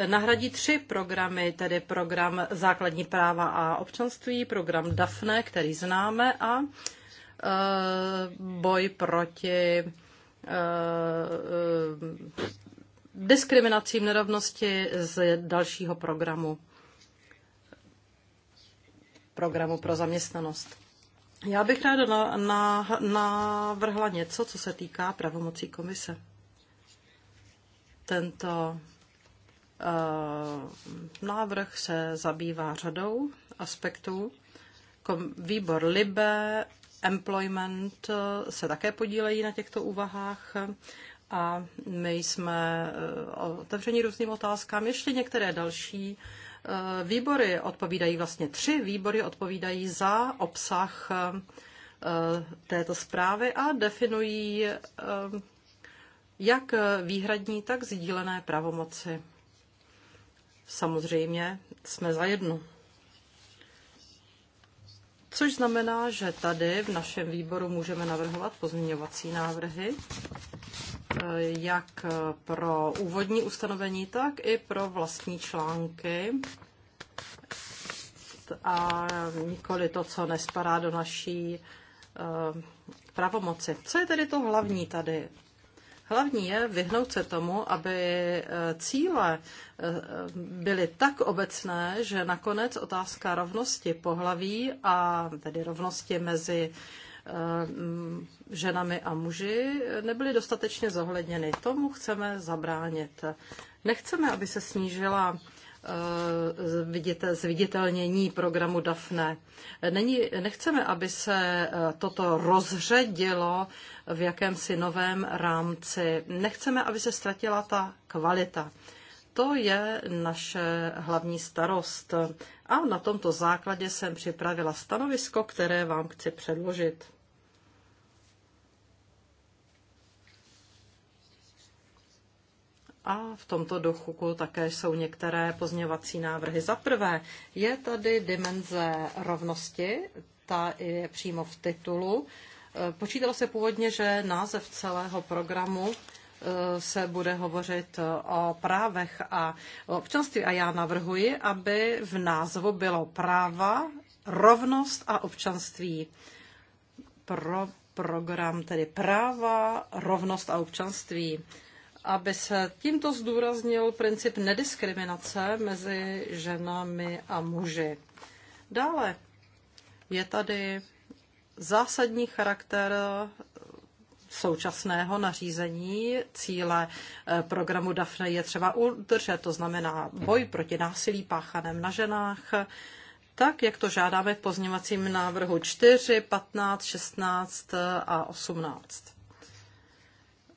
nahradí tři programy, tedy program Základní práva a občanství, program DAFNE, který známe, a e, boj proti e, e, diskriminacím nerovnosti z dalšího programu, programu pro zaměstnanost. Já bych ráda navrhla na, na něco, co se týká pravomocí komise. Tento Eh, návrh se zabývá řadou aspektů. Výbor LIBE, Employment eh, se také podílejí na těchto úvahách a my jsme eh, otevření různým otázkám. Ještě některé další výbory odpovídají, vlastně tři výbory odpovídají za obsah této zprávy a definují jak výhradní, tak sdílené pravomoci samozřejmě jsme za jednu. Což znamená, že tady v našem výboru můžeme navrhovat pozměňovací návrhy, eh, jak pro úvodní ustanovení, tak i pro vlastní články. A nikoli to, co nespadá do naší eh, pravomoci. Co je tedy to hlavní tady? Hlavní je vyhnout se tomu, aby eh, cíle eh, byly tak obecné, že nakonec otázka rovnosti pohlaví a tedy rovnosti mezi eh, ženami a muži nebyly dostatečně zohledněny. Tomu chceme zabránit. Nechceme, aby se snížila Eh, zviditelnění programu DAFNE. Není, nechceme, aby se eh, toto rozředilo v jakémsi novém rámci. Nechceme, aby se ztratila ta kvalita. To je naše hlavní starost. A na tomto základě jsem připravila stanovisko, které vám chci předložit. A v tomto duchu také jsou některé pozměvací návrhy. Za prvé je tady dimenze rovnosti, ta je přímo v titulu. E, počítalo se původně, že název celého programu e, se bude hovořit e, o právech a občanství. A já navrhuji, aby v názvu bylo práva, rovnost a občanství. Pro program tedy práva, rovnost a občanství aby se tímto zdůraznil princip nediskriminace mezi ženami a muži. Dále je tady zásadní charakter současného nařízení cíle eh, programu DAFNE je třeba udržet, to znamená boj mhm. proti násilí páchaném na ženách, tak, jak to žádáme v pozněvacím návrhu 4, 15, 16 a 18.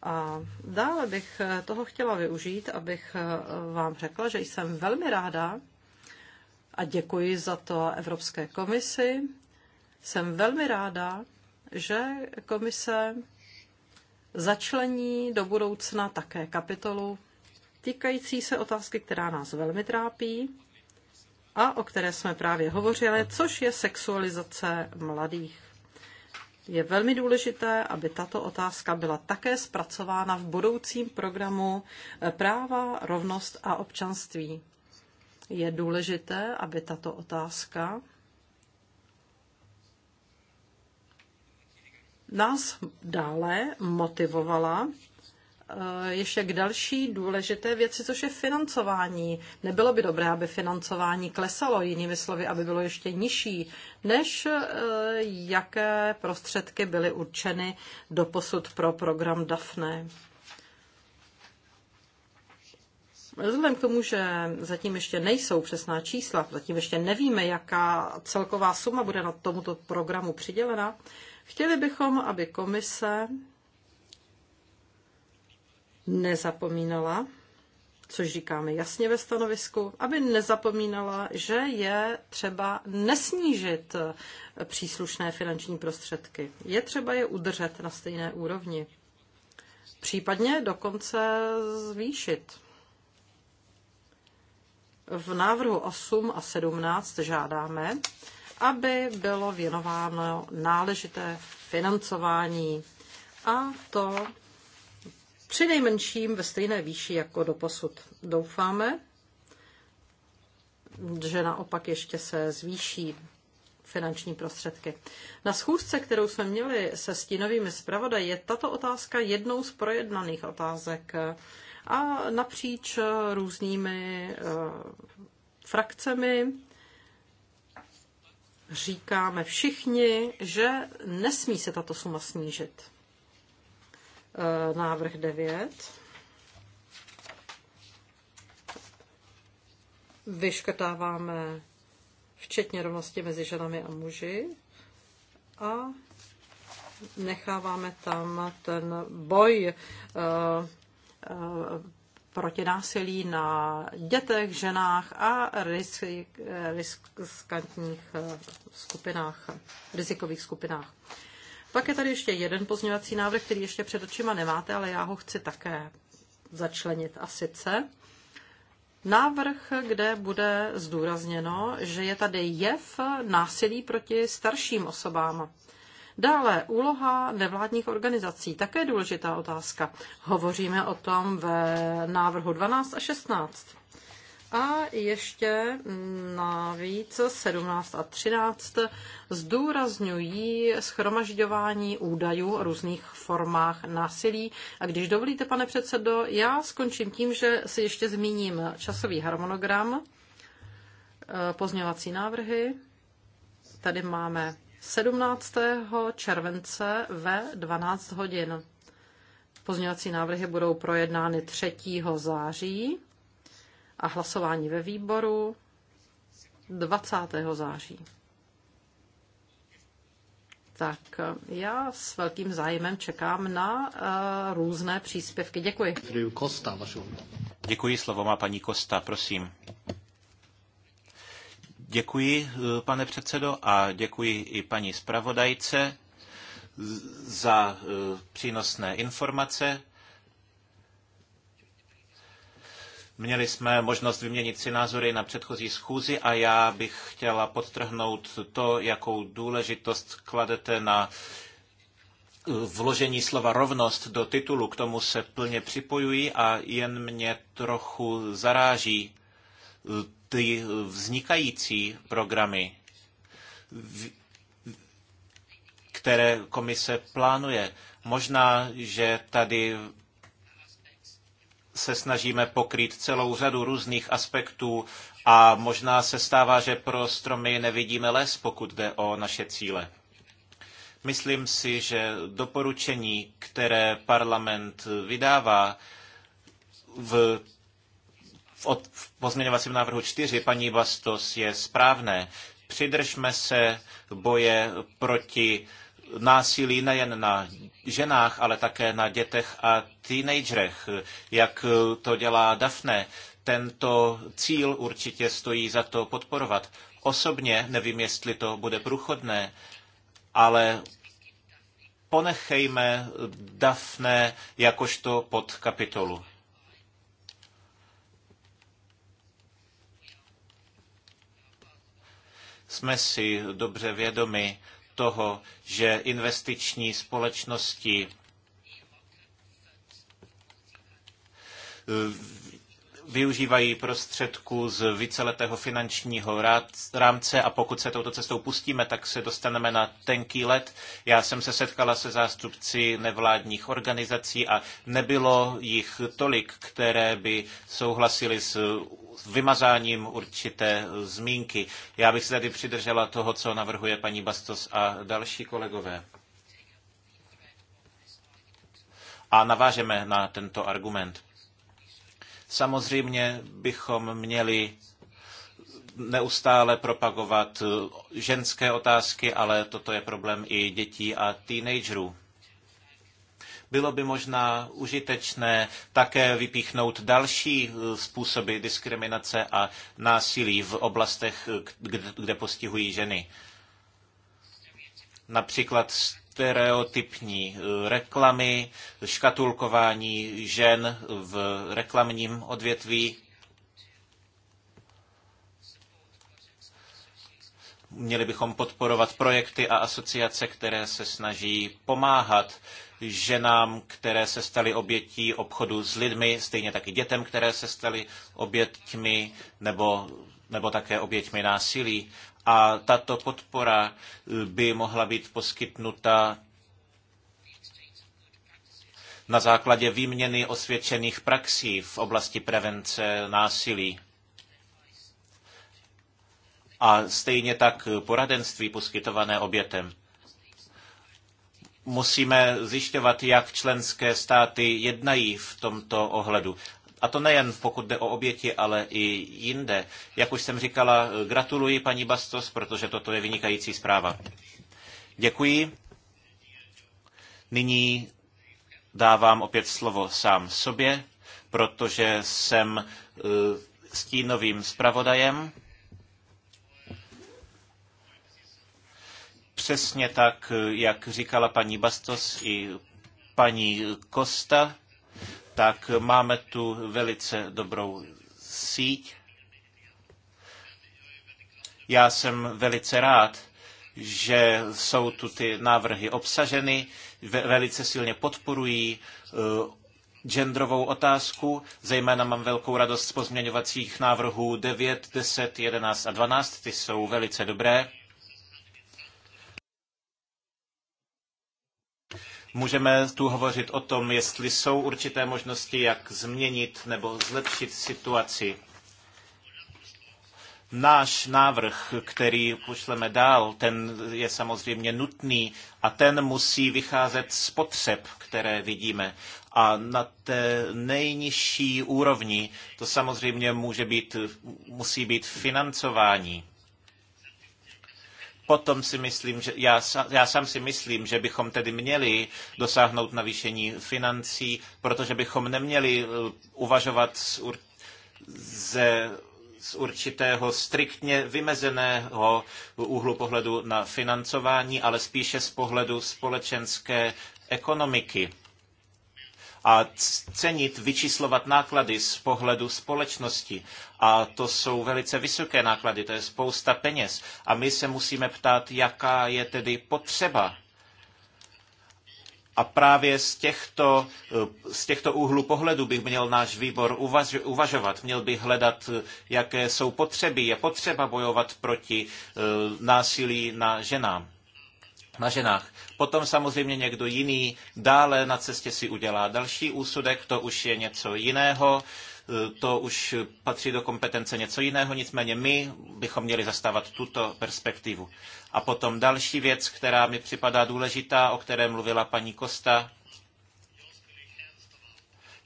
A dále bych toho chtěla využít, abych vám řekla, že jsem velmi ráda a děkuji za to Evropské komisi. Jsem velmi ráda, že komise začlení do budoucna také kapitolu týkající se otázky, která nás velmi trápí a o které jsme právě hovořili, což je sexualizace mladých. Je velmi důležité, aby tato otázka byla také zpracována v budoucím programu eh, práva, rovnost a občanství. Je důležité, aby tato otázka nás dále motivovala Eh, ještě k další důležité věci, což je financování. Nebylo by dobré, aby financování klesalo, jinými slovy, aby bylo ještě nižší, než eh, jaké prostředky byly určeny doposud pro program DAFNE. Vzhledem k tomu, že zatím ještě nejsou přesná čísla, zatím ještě nevíme, jaká celková suma bude na tomuto programu přidělena, chtěli bychom, aby komise nezapomínala, což říkáme jasně ve stanovisku, aby nezapomínala, že je třeba nesnížit příslušné finanční prostředky. Je třeba je udržet na stejné úrovni. Případně dokonce zvýšit. V návrhu 8 a 17 žádáme, aby bylo věnováno náležité financování a to při nejmenším ve stejné výši jako doposud. Doufáme, že naopak ještě se zvýší finanční prostředky. Na schůzce, kterou jsme měli se stínovými zpravodaji, je tato otázka jednou z projednaných otázek a napříč různými eh, frakcemi říkáme všichni, že nesmí se tato suma snížit. Eh, návrh 9. Vyškrtáváme včetně rovnosti mezi ženami a muži a necháváme tam ten boj eh, eh, proti násilí na dětech, ženách a risk, riskantních skupinách, rizikových skupinách. Pak je tady ještě jeden pozměňovací návrh, který ještě před očima nemáte, ale já ho chci také začlenit. A sice návrh, kde bude zdůrazněno, že je tady jev násilí proti starším osobám. Dále úloha nevládních organizací, také důležitá otázka. Hovoříme o tom v návrhu 12 a 16. A ještě navíc 17 a 13 zdůrazňují schromažďování údajů o různých formách násilí. A když dovolíte, pane předsedo, já skončím tím, že si ještě zmíním časový harmonogram, eh, pozměvací návrhy. Tady máme 17. července ve 12 hodin. Pozměňovací návrhy budou projednány 3. září a hlasování ve výboru 20. září. Tak já s velkým zájmem čekám na uh, různé příspěvky. Děkuji. Děkuji, slovo má paní Kosta, prosím. Děkuji, eh, pane předsedo, a děkuji i paní zpravodajce za eh, přínosné informace. Měli jsme možnost vyměnit si názory na předchozí schůzi a já bych chtěla podtrhnout to, jakou důležitost kladete na eh, vložení slova rovnost do titulu. K tomu se plně připojuji a jen mě trochu zaráží eh, ty eh, vznikající programy, které komise plánuje. Možná, že tady se snažíme pokrýt celou řadu různých aspektů a možná se stává, že pro stromy nevidíme les, pokud jde o naše cíle. Myslím si, že doporučení, které parlament vydává v, v, od, v pozměňovacím návrhu 4 paní Bastos je správné. Přidržme se boje proti násilí nejen na ženách, ale také na dětech a teenagerech, jak to dělá Dafne. Tento cíl určitě stojí za to podporovat. Osobně nevím, jestli to bude průchodné, ale ponechejme Dafne jakožto pod kapitolu. Jsme si dobře vědomi, toho, že investiční společnosti využívají prostředků z víceletého finančního rámce a pokud se touto cestou pustíme, tak se dostaneme na tenký let. Já jsem se setkala se zástupci nevládních organizací a nebylo jich tolik, které by souhlasili s vymazáním určité zmínky. Já bych se tady přidržela toho, co navrhuje paní Bastos a další kolegové. A navážeme na tento argument. Samozřejmě bychom měli neustále propagovat ženské otázky, ale toto je problém i dětí a teenagerů. Bylo by možná užitečné také vypíchnout další způsoby diskriminace a násilí v oblastech, kde postihují ženy. Například stereotypní eh, reklamy, škatulkování žen v reklamním odvětví. Měli bychom podporovat projekty a asociace, které se snaží pomáhat ženám, které se staly obětí obchodu s lidmi, stejně taky dětem, které se staly oběťmi nebo, nebo také oběťmi násilí a tato podpora eh, by mohla být poskytnuta na základě výměny osvědčených praxí v oblasti prevence násilí. A stejně tak poradenství poskytované obětem musíme zjišťovat, jak členské státy jednají v tomto ohledu. A to nejen pokud jde o oběti, ale i jinde. Jak už jsem říkala, gratuluji paní Bastos, protože toto je vynikající zpráva. Děkuji. Nyní dávám opět slovo sám sobě, protože jsem e, stínovým zpravodajem. Přesně tak, jak říkala paní Bastos i paní Kosta, tak máme tu velice dobrou síť. Já jsem velice rád, že jsou tu ty návrhy obsaženy, velice silně podporují eh, genderovou otázku. Zejména mám velkou radost z pozměňovacích návrhů 9, 10, 11 a 12. Ty jsou velice dobré. Můžeme tu hovořit o tom, jestli jsou určité možnosti, jak změnit nebo zlepšit situaci. Náš návrh, který pošleme dál, ten je samozřejmě nutný a ten musí vycházet z potřeb, které vidíme. A na té nejnižší úrovni to samozřejmě může být, musí být financování potom si myslím, že já, já sám si myslím, že bychom tedy měli dosáhnout navýšení financí, protože bychom neměli eh, uvažovat z, ur, ze, z určitého striktně vymezeného úhlu pohledu na financování, ale spíše z pohledu společenské ekonomiky a cenit, vyčíslovat náklady z pohledu společnosti. A to jsou velice vysoké náklady, to je spousta peněz. A my se musíme ptát, jaká je tedy potřeba a právě z těchto, z těchto úhlů pohledu bych měl náš výbor uvaž, uvažovat. Měl bych hledat, jaké jsou potřeby. Je potřeba bojovat proti eh, násilí na ženám na ženách. Potom samozřejmě někdo jiný dále na cestě si udělá další úsudek, to už je něco jiného, e, to už patří do kompetence něco jiného, nicméně my bychom měli zastávat tuto perspektivu. A potom další věc, která mi připadá důležitá, o které mluvila paní Kosta,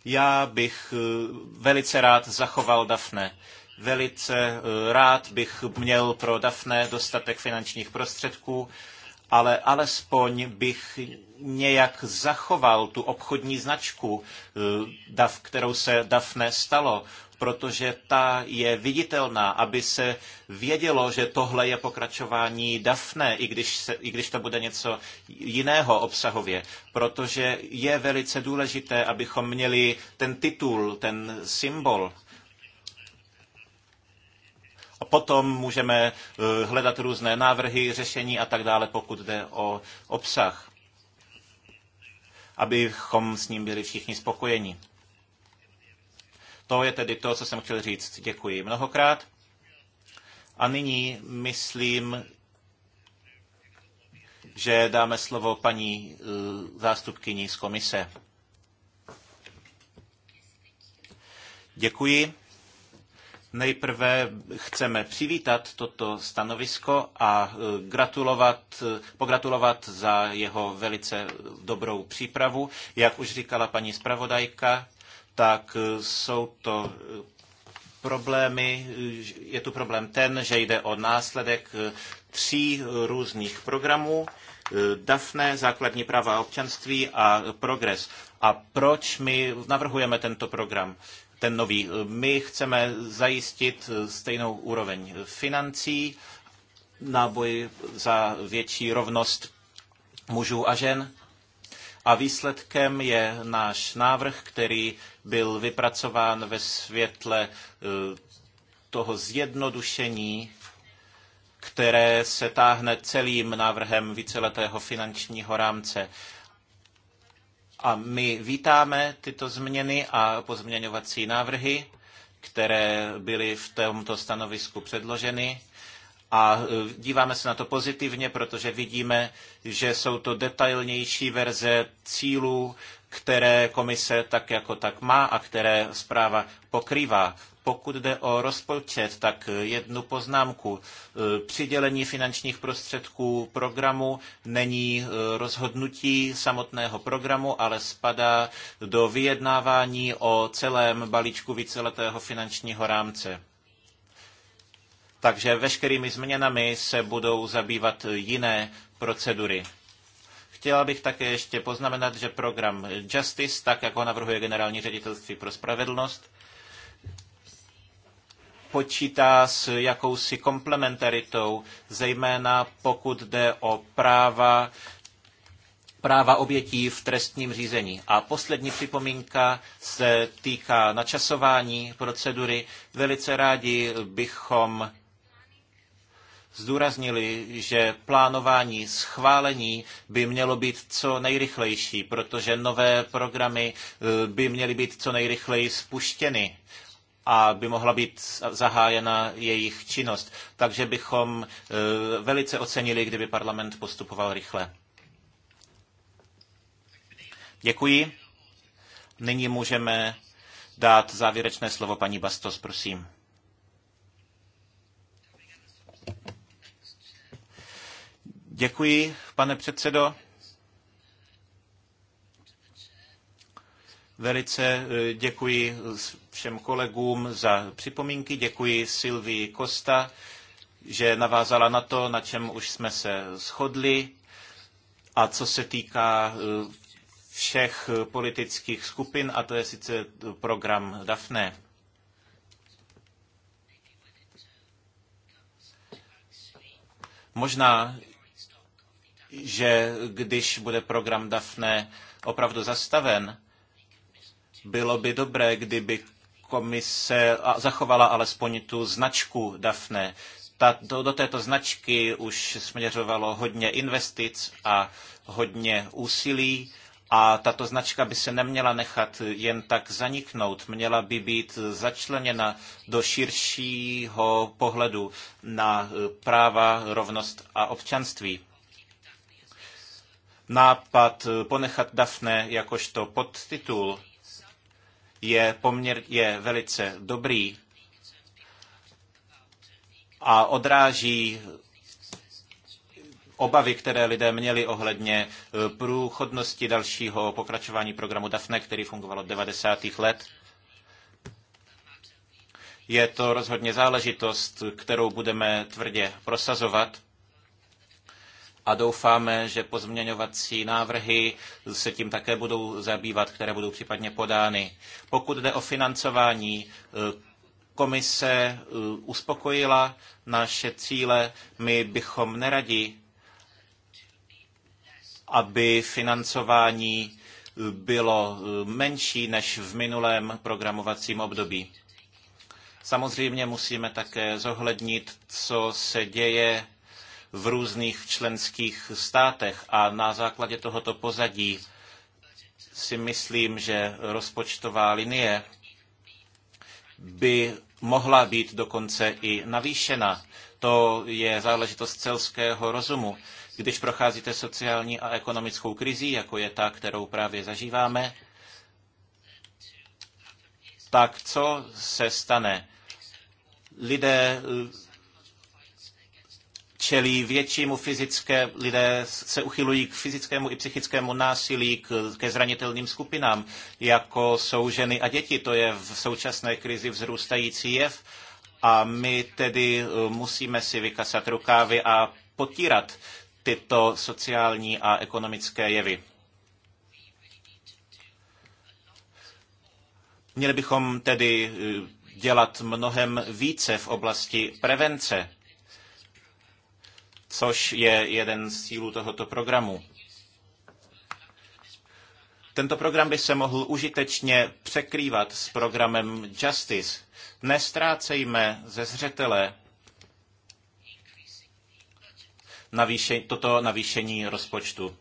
já bych e, velice rád zachoval Dafne. Velice e, rád bych měl pro Dafne dostatek finančních prostředků ale alespoň bych nějak zachoval tu obchodní značku, eh, DAF, kterou se DAFNE stalo, protože ta je viditelná, aby se vědělo, že tohle je pokračování Dafne, i když, se, i když to bude něco jiného obsahově, protože je velice důležité, abychom měli ten titul, ten symbol, potom můžeme eh, hledat různé návrhy, řešení a tak dále, pokud jde o obsah, abychom s ním byli všichni spokojeni. To je tedy to, co jsem chtěl říct. Děkuji mnohokrát. A nyní, myslím, že dáme slovo paní eh, zástupkyni z komise. Děkuji. Nejprve chceme přivítat toto stanovisko a e, gratulovat, e, pogratulovat za jeho velice dobrou přípravu. Jak už říkala paní zpravodajka, tak e, jsou to problémy, je tu problém ten, že jde o následek tří různých programů, DAFNE, základní práva a občanství a progres. A proč my navrhujeme tento program? ten nový. My chceme zajistit stejnou úroveň financí na za větší rovnost mužů a žen. A výsledkem je náš návrh, který byl vypracován ve světle eh, toho zjednodušení, které se táhne celým návrhem víceletého finančního rámce. A my vítáme tyto změny a pozměňovací návrhy, které byly v tomto stanovisku předloženy. A e, díváme se na to pozitivně, protože vidíme, že jsou to detailnější verze cílů, které komise tak jako tak má a které zpráva pokrývá. Pokud jde o rozpočet, tak jednu poznámku. E, přidělení finančních prostředků programu není e, rozhodnutí samotného programu, ale spadá do vyjednávání o celém balíčku víceletého finančního rámce. Takže veškerými změnami se budou zabývat jiné procedury. Chtěla bych také ještě poznamenat, že program Justice, tak jak ho navrhuje generální ředitelství pro spravedlnost, počítá s jakousi komplementaritou, zejména pokud jde o práva práva obětí v trestním řízení. A poslední připomínka se týká načasování procedury. Velice rádi bychom zdůraznili, že plánování schválení by mělo být co nejrychlejší, protože nové programy eh, by měly být co nejrychleji spuštěny a by mohla být zahájena jejich činnost. Takže bychom eh, velice ocenili, kdyby parlament postupoval rychle. Děkuji. Nyní můžeme dát závěrečné slovo paní Bastos, prosím. Děkuji, pane předsedo. Velice eh, děkuji všem kolegům za připomínky, děkuji Silvii Kosta, že navázala na to, na čem už jsme se shodli. A co se týká eh, všech politických skupin, a to je sice program DAFNE. Možná, že když bude program DAFNE opravdu zastaven, bylo by dobré, kdyby komise zachovala alespoň tu značku DAFNE. Ta, do, do této značky už směřovalo hodně investic a hodně úsilí a tato značka by se neměla nechat jen tak zaniknout, měla by být začleněna do širšího pohledu na práva, rovnost a občanství nápad eh, ponechat Dafne jakožto podtitul je, poměr, je velice dobrý a odráží obavy, které lidé měli ohledně eh, průchodnosti dalšího pokračování programu DAFNE, který fungoval od 90. let. Je to rozhodně záležitost, kterou budeme tvrdě prosazovat a doufáme, že pozměňovací návrhy se tím také budou zabývat, které budou případně podány. Pokud jde o financování, eh, komise eh, uspokojila naše cíle. My bychom neradi, aby financování eh, bylo menší než v minulém programovacím období. Samozřejmě musíme také zohlednit, co se děje v různých členských státech a na základě tohoto pozadí si myslím, že rozpočtová linie by mohla být dokonce i navýšena. To je záležitost celského rozumu. Když procházíte sociální a ekonomickou krizí, jako je ta, kterou právě zažíváme, tak co se stane? Lidé čelí většímu fyzické, lidé se uchylují k fyzickému i psychickému násilí, k, ke zranitelným skupinám, jako jsou ženy a děti. To je v současné krizi vzrůstající jev a my tedy eh, musíme si vykasat rukávy a potírat tyto sociální a ekonomické jevy. Měli bychom tedy eh, dělat mnohem více v oblasti prevence což je jeden z cílů tohoto programu. Tento program by se mohl užitečně překrývat s programem Justice. Nestrácejme ze zřetele navýše, toto navýšení rozpočtu.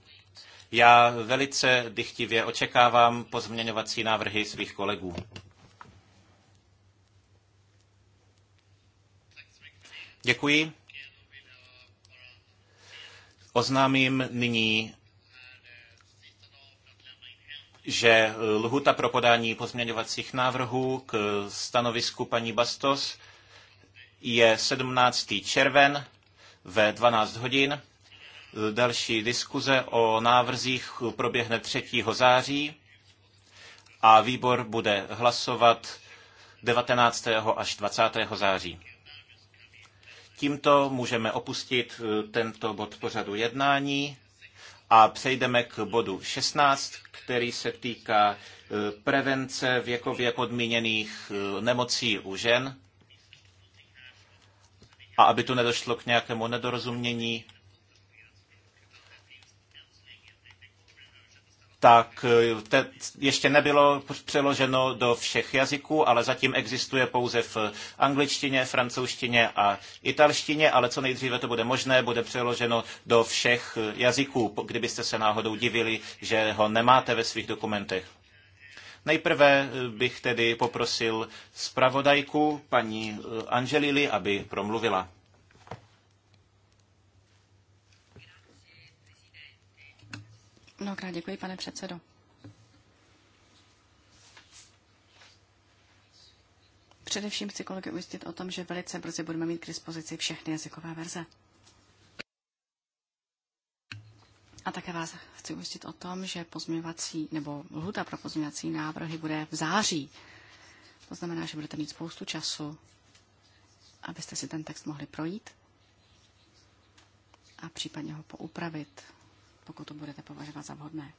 Já velice dychtivě očekávám pozměňovací návrhy svých kolegů. Děkuji. Oznámím nyní, že lhuta pro podání pozměňovacích návrhů k stanovisku paní Bastos je 17. červen ve 12 hodin. Další diskuze o návrzích proběhne 3. září a výbor bude hlasovat 19. až 20. září. Tímto můžeme opustit eh, tento bod pořadu jednání a přejdeme k bodu 16, který se týká eh, prevence věkově podmíněných eh, nemocí u žen. A aby tu nedošlo k nějakému nedorozumění, tak eh, te, ještě nebylo přeloženo do všech jazyků, ale zatím existuje pouze v angličtině, francouzštině a italštině, ale co nejdříve to bude možné, bude přeloženo do všech eh, jazyků, kdybyste se náhodou divili, že ho nemáte ve svých dokumentech. Nejprve eh, bych tedy poprosil zpravodajku paní Angelili, aby promluvila. Mnohokrát děkuji, pane předsedo. Především chci kolegy ujistit o tom, že velice brzy budeme mít k dispozici všechny jazykové verze. A také vás chci ujistit o tom, že pozměňovací nebo lhuta pro pozměňovací návrhy bude v září. To znamená, že budete mít spoustu času, abyste si ten text mohli projít a případně ho poupravit pokud to budete považovat za vhodné.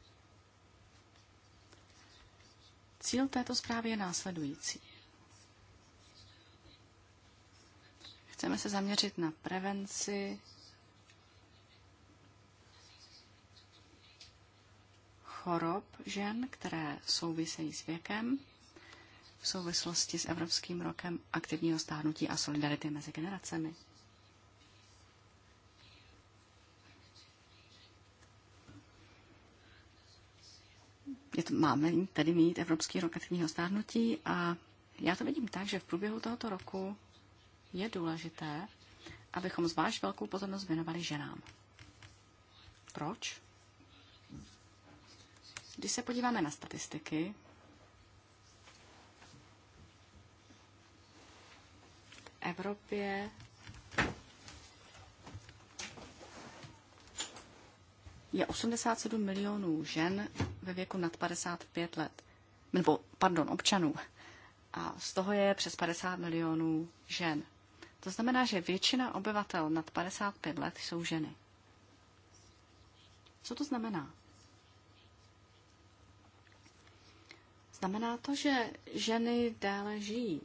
Cíl této zprávy je následující. Chceme se zaměřit na prevenci chorob žen, které souvisejí s věkem, v souvislosti s Evropským rokem aktivního stárnutí a solidarity mezi generacemi. máme tedy mít Evropský rok aktivního stárnutí a já to vidím tak, že v průběhu tohoto roku je důležité, abychom zvlášť velkou pozornost věnovali ženám. Proč? Když se podíváme na statistiky, v Evropě je 87 milionů žen ve věku nad 55 let, nebo pardon, občanů. A z toho je přes 50 milionů žen. To znamená, že většina obyvatel nad 55 let jsou ženy. Co to znamená? Znamená to, že ženy déle žijí.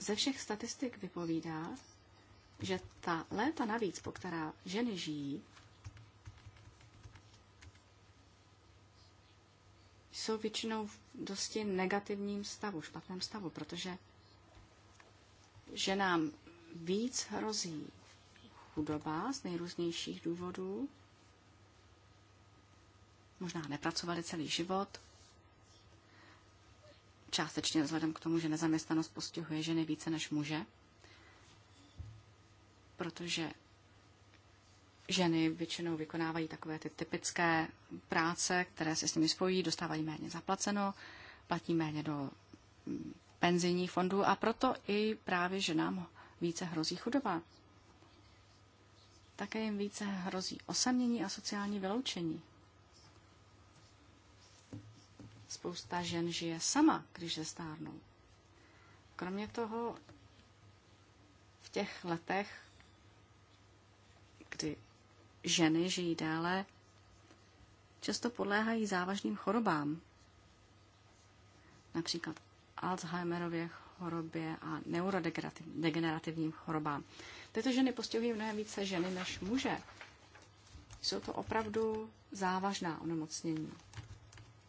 Ze všech statistik vypovídá, že ta léta navíc, po která ženy žijí, jsou většinou v dosti negativním stavu, špatném stavu, protože že nám víc hrozí chudoba z nejrůznějších důvodů. Možná nepracovali celý život, částečně vzhledem k tomu, že nezaměstnanost postihuje ženy více než muže, protože ženy většinou vykonávají takové ty typické práce, které se s nimi spojí, dostávají méně zaplaceno, platí méně do mm, penzijních fondů a proto i právě ženám více hrozí chudoba. Také jim více hrozí osamění a sociální vyloučení. Spousta žen žije sama, když se stárnou. Kromě toho v těch letech kdy ženy žijí déle, často podléhají závažným chorobám, například Alzheimerově chorobě a neurodegenerativním chorobám. Tyto ženy postihují mnohem více ženy než muže. Jsou to opravdu závažná onemocnění,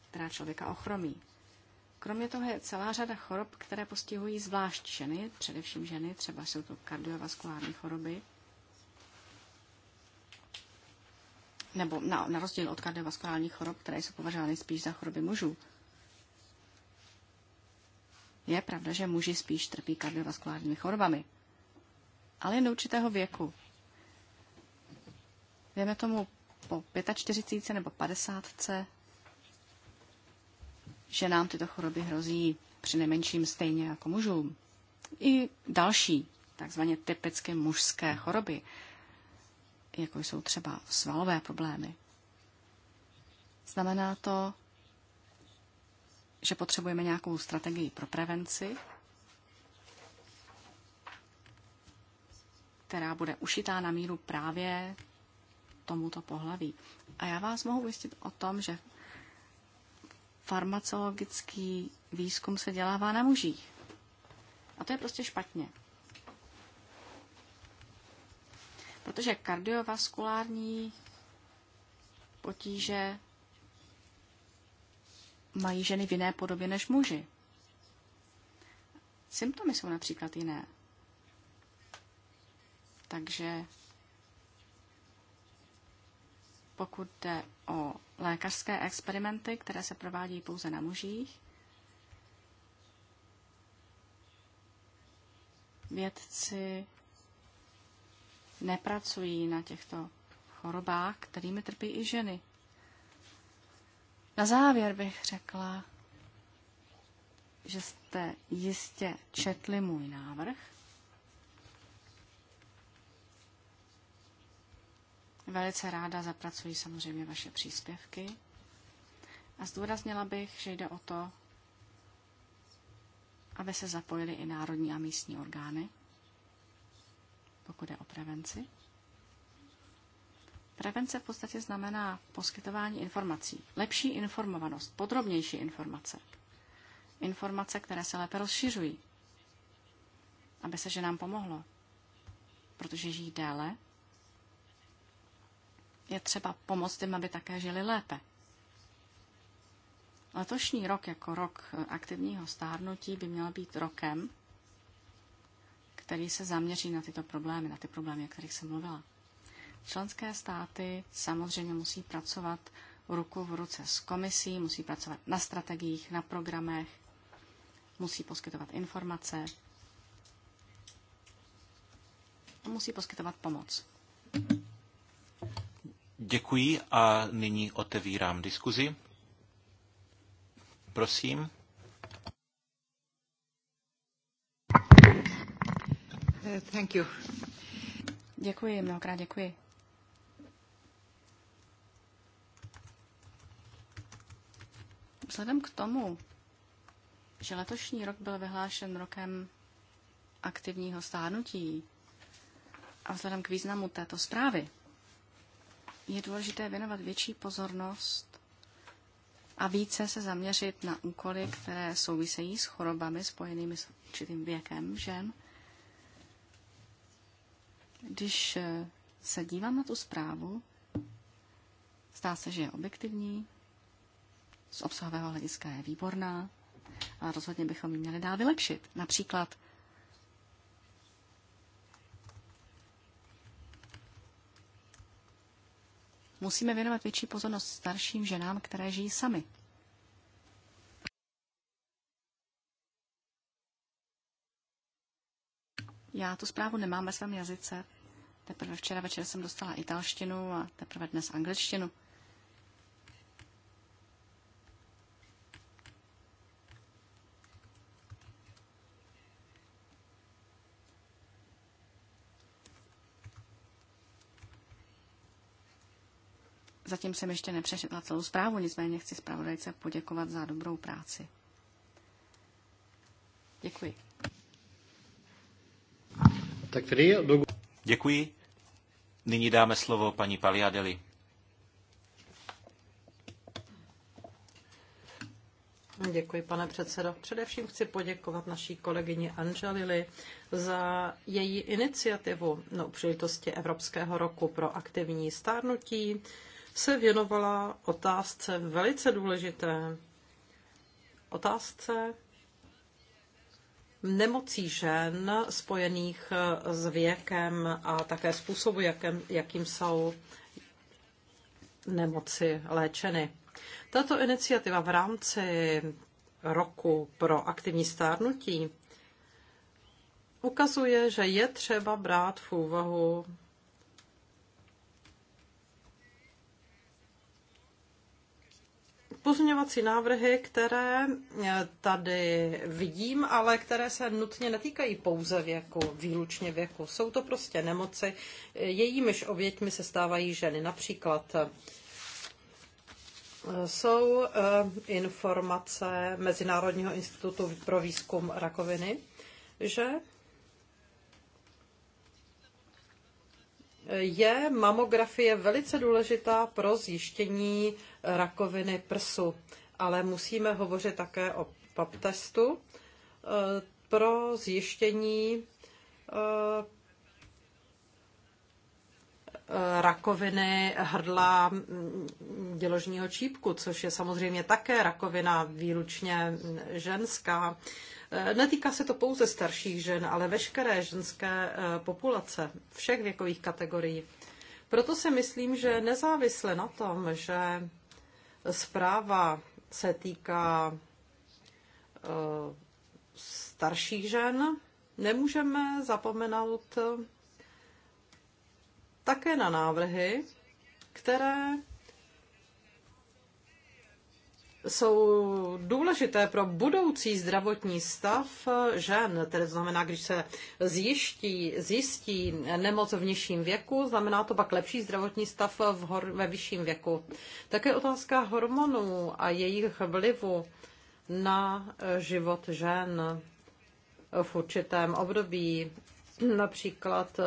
která člověka ochromí. Kromě toho je celá řada chorob, které postihují zvlášť ženy, především ženy, třeba jsou to kardiovaskulární choroby, nebo na, na rozdíl od kardiovaskulárních chorob, které jsou považovány spíš za choroby mužů. Je pravda, že muži spíš trpí kardiovaskulárními chorobami, ale jen do určitého věku. věme tomu po 45 nebo 50, že nám tyto choroby hrozí při nejmenším stejně jako mužům. I další, takzvaně typicky mužské choroby, jako jsou třeba svalové problémy. Znamená to, že potřebujeme nějakou strategii pro prevenci, která bude ušitá na míru právě tomuto pohlaví. A já vás mohu ujistit o tom, že farmacologický výzkum se dělává na mužích. A to je prostě špatně. protože kardiovaskulární potíže mají ženy v jiné podobě než muži. Symptomy jsou například jiné. Takže pokud jde o lékařské experimenty, které se provádí pouze na mužích, vědci nepracují na těchto chorobách, kterými trpí i ženy. Na závěr bych řekla, že jste jistě četli můj návrh. Velice ráda zapracuji samozřejmě vaše příspěvky. A zdůraznila bych, že jde o to, aby se zapojili i národní a místní orgány pokud jde o prevenci. Prevence v podstatě znamená poskytování informací, lepší informovanost, podrobnější informace, informace, které se lépe rozšiřují, aby se ženám pomohlo, protože žijí déle. Je třeba pomoct jim, aby také žili lépe. Letošní rok jako rok aktivního stárnutí by měl být rokem, který se zaměří na tyto problémy, na ty problémy, o kterých jsem mluvila. Členské státy samozřejmě musí pracovat ruku v ruce s komisí, musí pracovat na strategiích, na programech, musí poskytovat informace a musí poskytovat pomoc. Děkuji a nyní otevírám diskuzi. Prosím. Thank you. Děkuji, mnohokrát děkuji. Vzhledem k tomu, že letošní rok byl vyhlášen rokem aktivního stárnutí a vzhledem k významu této zprávy, je důležité věnovat větší pozornost a více se zaměřit na úkoly, které souvisejí s chorobami spojenými s určitým věkem žen, když eh, se dívám na tu zprávu, stá se, že je objektivní, z obsahového hlediska je výborná, ale rozhodně bychom ji měli dál vylepšit. Například musíme věnovat větší pozornost starším ženám, které žijí sami. Já tu zprávu nemám ve svém jazyce. Teprve včera večer jsem dostala italštinu a teprve dnes angličtinu. Zatím jsem ještě nepřešetla celou zprávu, nicméně chci zpravodajce poděkovat za dobrou práci. Děkuji. Děkuji. Nyní dáme slovo paní Paliadeli. Děkuji, pane předsedo. Především chci poděkovat naší kolegyni Angelili za její iniciativu na no, příležitosti Evropského roku pro aktivní stárnutí. Se věnovala otázce velice důležité, otázce nemocí žen spojených eh, s věkem a také způsobu, jakým, jakým jsou nemoci léčeny. Tato iniciativa v rámci roku pro aktivní stárnutí ukazuje, že je třeba brát v úvahu pozměňovací návrhy, které eh, tady vidím, ale které se nutně netýkají pouze věku, výlučně věku. Jsou to prostě nemoci, jejímiž oběťmi se stávají ženy. Například eh, jsou eh, informace Mezinárodního institutu pro výzkum rakoviny, že je mamografie velice důležitá pro zjištění rakoviny prsu. Ale musíme hovořit také o PAP testu eh, pro zjištění eh, rakoviny hrdla mm, děložního čípku, což je samozřejmě také rakovina výlučně ženská. Eh, netýká se to pouze starších žen, ale veškeré ženské populace, všech věkových kategorií. Proto si myslím, že nezávisle na tom, že Zpráva se týká eh, starších žen. Nemůžeme zapomenout také na návrhy, které jsou důležité pro budoucí zdravotní stav žen. Tedy znamená, když se zjiští, zjistí nemoc v nižším věku, znamená to pak lepší zdravotní stav v hor, ve vyšším věku. Také otázka hormonů a jejich vlivu na život žen v určitém období například eh,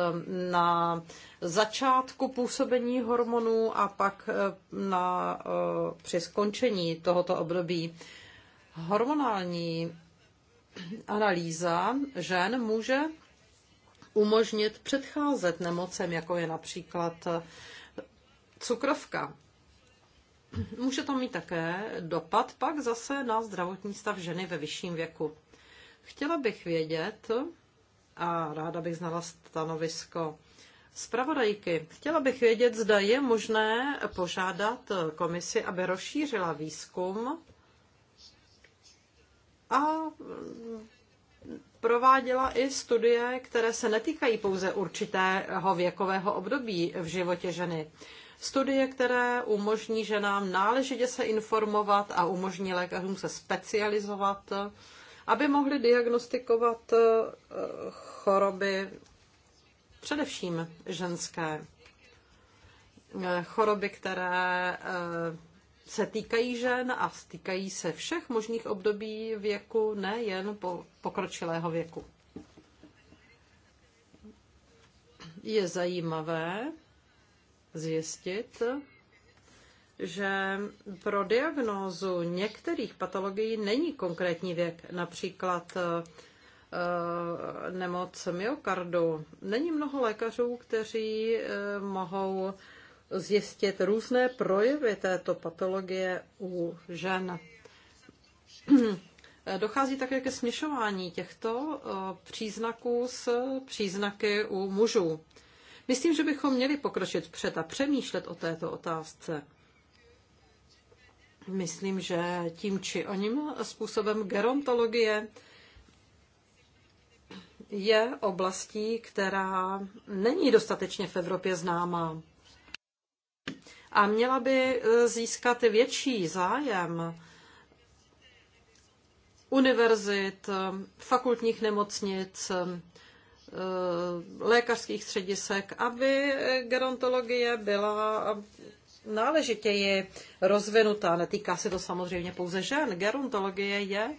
na začátku působení hormonů a pak eh, na, eh, při skončení tohoto období. Hormonální analýza žen může umožnit předcházet nemocem, jako je například cukrovka. Může to mít také dopad pak zase na zdravotní stav ženy ve vyšším věku. Chtěla bych vědět, a ráda bych znala stanovisko zpravodajky. Chtěla bych vědět, zda je možné požádat komisi, aby rozšířila výzkum a mm, prováděla i studie, které se netýkají pouze určitého věkového období v životě ženy. Studie, které umožní ženám náležitě se informovat a umožní lékařům se specializovat aby mohli diagnostikovat eh, choroby především ženské. Eh, choroby, které eh, se týkají žen a stýkají se všech možných období věku, nejen po pokročilého věku. Je zajímavé zjistit, že pro diagnózu některých patologií není konkrétní věk, například eh, eh, nemoc myokardu. Není mnoho lékařů, kteří eh, mohou zjistit různé projevy této patologie u žen. Dochází také ke směšování těchto příznaků s příznaky u mužů. Myslím, že bychom měli pokročit před a přemýšlet o této otázce myslím, že tím či oním způsobem gerontologie je oblastí, která není dostatečně v Evropě známá. A měla by eh, získat větší zájem univerzit, fakultních nemocnic, eh, lékařských středisek, aby gerontologie byla náležitěji rozvinutá. Netýká se to samozřejmě pouze žen. Gerontologie je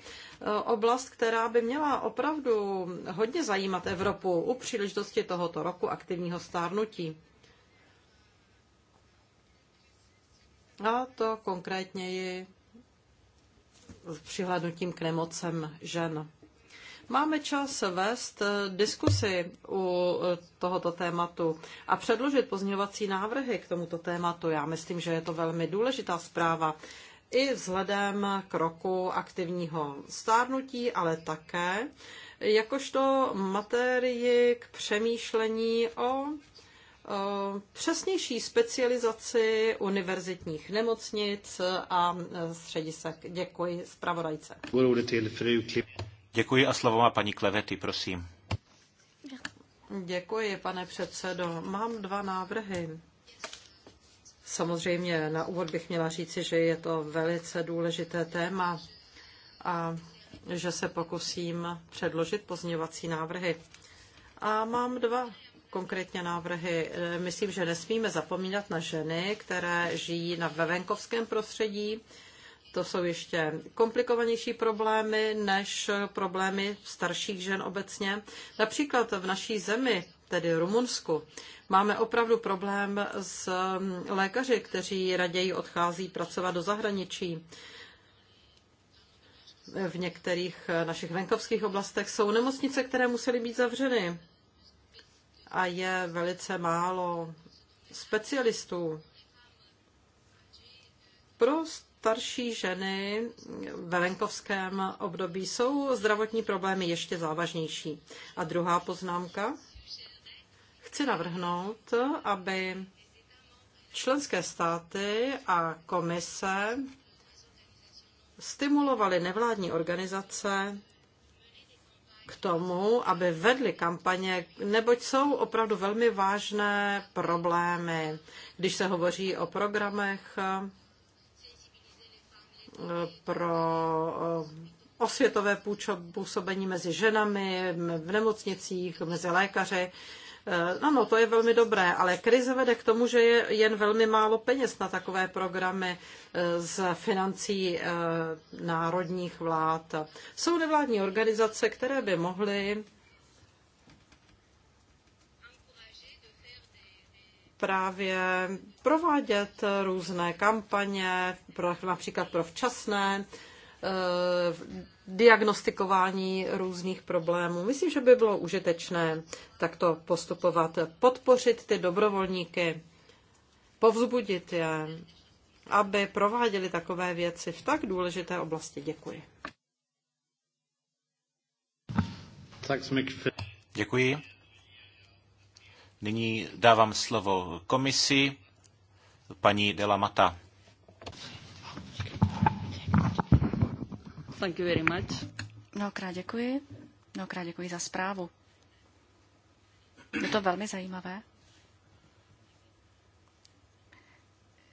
eh, oblast, která by měla opravdu hodně zajímat Evropu u příležitosti tohoto roku aktivního stárnutí. A to konkrétněji s přihlednutím k nemocem žen. Máme čas vést eh, diskusy u eh, tohoto tématu a předložit pozměňovací návrhy k tomuto tématu. Já myslím, že je to velmi důležitá zpráva i vzhledem k roku aktivního stárnutí, ale také jakožto materii k přemýšlení o přesnější specializaci univerzitních nemocnic a eh, středisek. Děkuji zpravodajce. Děkuji a slovo má paní Klevety, prosím. Děkuji, pane předsedo. Mám dva návrhy. Samozřejmě na úvod bych měla říci, že je to velice důležité téma a že se pokusím předložit pozměňovací návrhy. A mám dva konkrétně návrhy. Myslím, že nesmíme zapomínat na ženy, které žijí na venkovském prostředí to jsou ještě komplikovanější problémy než problémy starších žen obecně. Například v naší zemi, tedy Rumunsku, máme opravdu problém s mm, lékaři, kteří raději odchází pracovat do zahraničí v některých našich venkovských oblastech jsou nemocnice, které musely být zavřeny. A je velice málo specialistů Prost starší ženy ve venkovském období jsou zdravotní problémy ještě závažnější. A druhá poznámka. Chci navrhnout, aby členské státy a komise stimulovaly nevládní organizace k tomu, aby vedli kampaně, neboť jsou opravdu velmi vážné problémy, když se hovoří o programech pro eh, osvětové působení mezi ženami v nemocnicích, mezi lékaři. no, to je velmi dobré, ale krize vede k tomu, že je jen velmi málo peněz na takové programy eh, z financí národních vlád. Jsou nevládní organizace, které by mohly právě provádět různé kampaně, pro, například pro včasné eh, diagnostikování různých problémů. Myslím, že by bylo užitečné takto postupovat, podpořit ty dobrovolníky, povzbudit je, aby prováděli takové věci v tak důležité oblasti. Děkuji. Děkuji. Nyní dávám slovo komisi paní Dela Mata. Thank you very much. Mnohokrát děkuji. Mnohokrát děkuji za zprávu. Je to velmi zajímavé.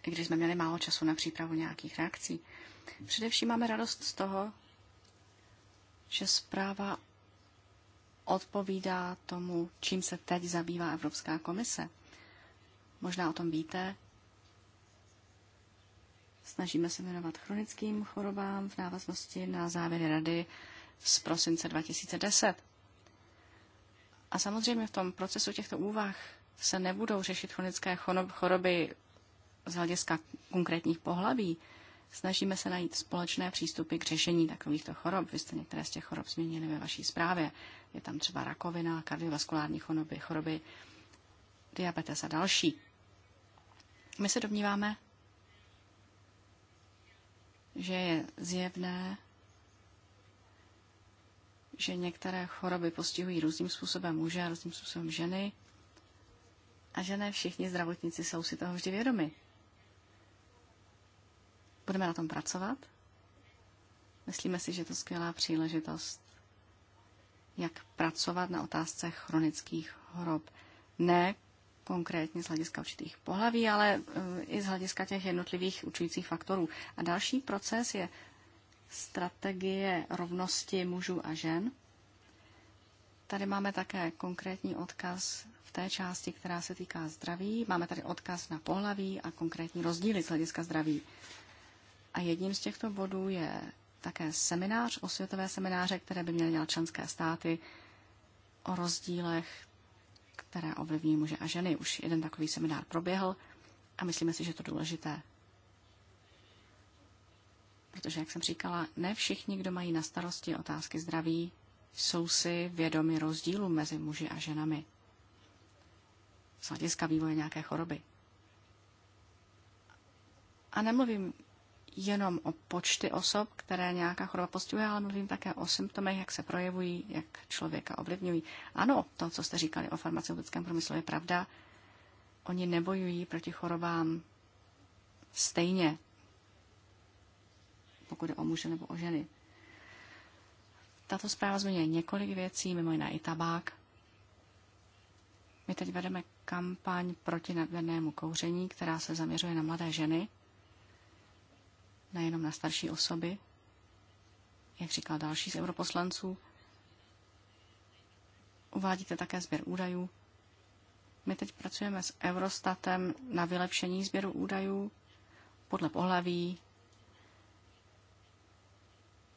I když jsme měli málo času na přípravu nějakých reakcí. Především máme radost z toho, že zpráva odpovídá tomu, čím se teď zabývá Evropská komise. Možná o tom víte. Snažíme se věnovat chronickým chorobám v návaznosti na závěry rady z prosince 2010. A samozřejmě v tom procesu těchto úvah se nebudou řešit chronické choroby z hlediska konkrétních pohlaví. Snažíme se najít společné přístupy k řešení takovýchto chorob. Vy jste některé z těch chorob změnili ve vaší zprávě. Je tam třeba rakovina, kardiovaskulární choroby, choroby diabetes a další. My se domníváme, že je zjevné, že některé choroby postihují různým způsobem muže a různým způsobem ženy a že ne všichni zdravotníci jsou si toho vždy vědomi. Budeme na tom pracovat. Myslíme si, že to skvělá příležitost jak pracovat na otázce chronických chorob. Ne konkrétně z hlediska určitých pohlaví, ale eh, i z hlediska těch jednotlivých učujících faktorů. A další proces je strategie rovnosti mužů a žen. Tady máme také konkrétní odkaz v té části, která se týká zdraví. Máme tady odkaz na pohlaví a konkrétní rozdíly z hlediska zdraví. A jedním z těchto bodů je také seminář, osvětové semináře, které by měly dělat členské státy o rozdílech, které ovlivní muže a ženy. Už jeden takový seminář proběhl a myslíme si, že je to důležité. Protože, jak jsem říkala, ne všichni, kdo mají na starosti otázky zdraví, jsou si vědomi rozdílu mezi muži a ženami z hlediska vývoje nějaké choroby. A nemluvím jenom o počty osob, které nějaká choroba postihuje, ale mluvím také o symptomech, jak se projevují, jak člověka ovlivňují. Ano, to, co jste říkali o farmaceutickém průmyslu, je pravda. Oni nebojují proti chorobám stejně, pokud je o muže nebo o ženy. Tato zpráva zmiňuje několik věcí, mimo jiné i tabák. My teď vedeme kampaň proti nadměrnému kouření, která se zaměřuje na mladé ženy – nejenom na starší osoby, jak říkal další z europoslanců. Uvádíte také sběr údajů. My teď pracujeme s Eurostatem na vylepšení sběru údajů podle pohlaví.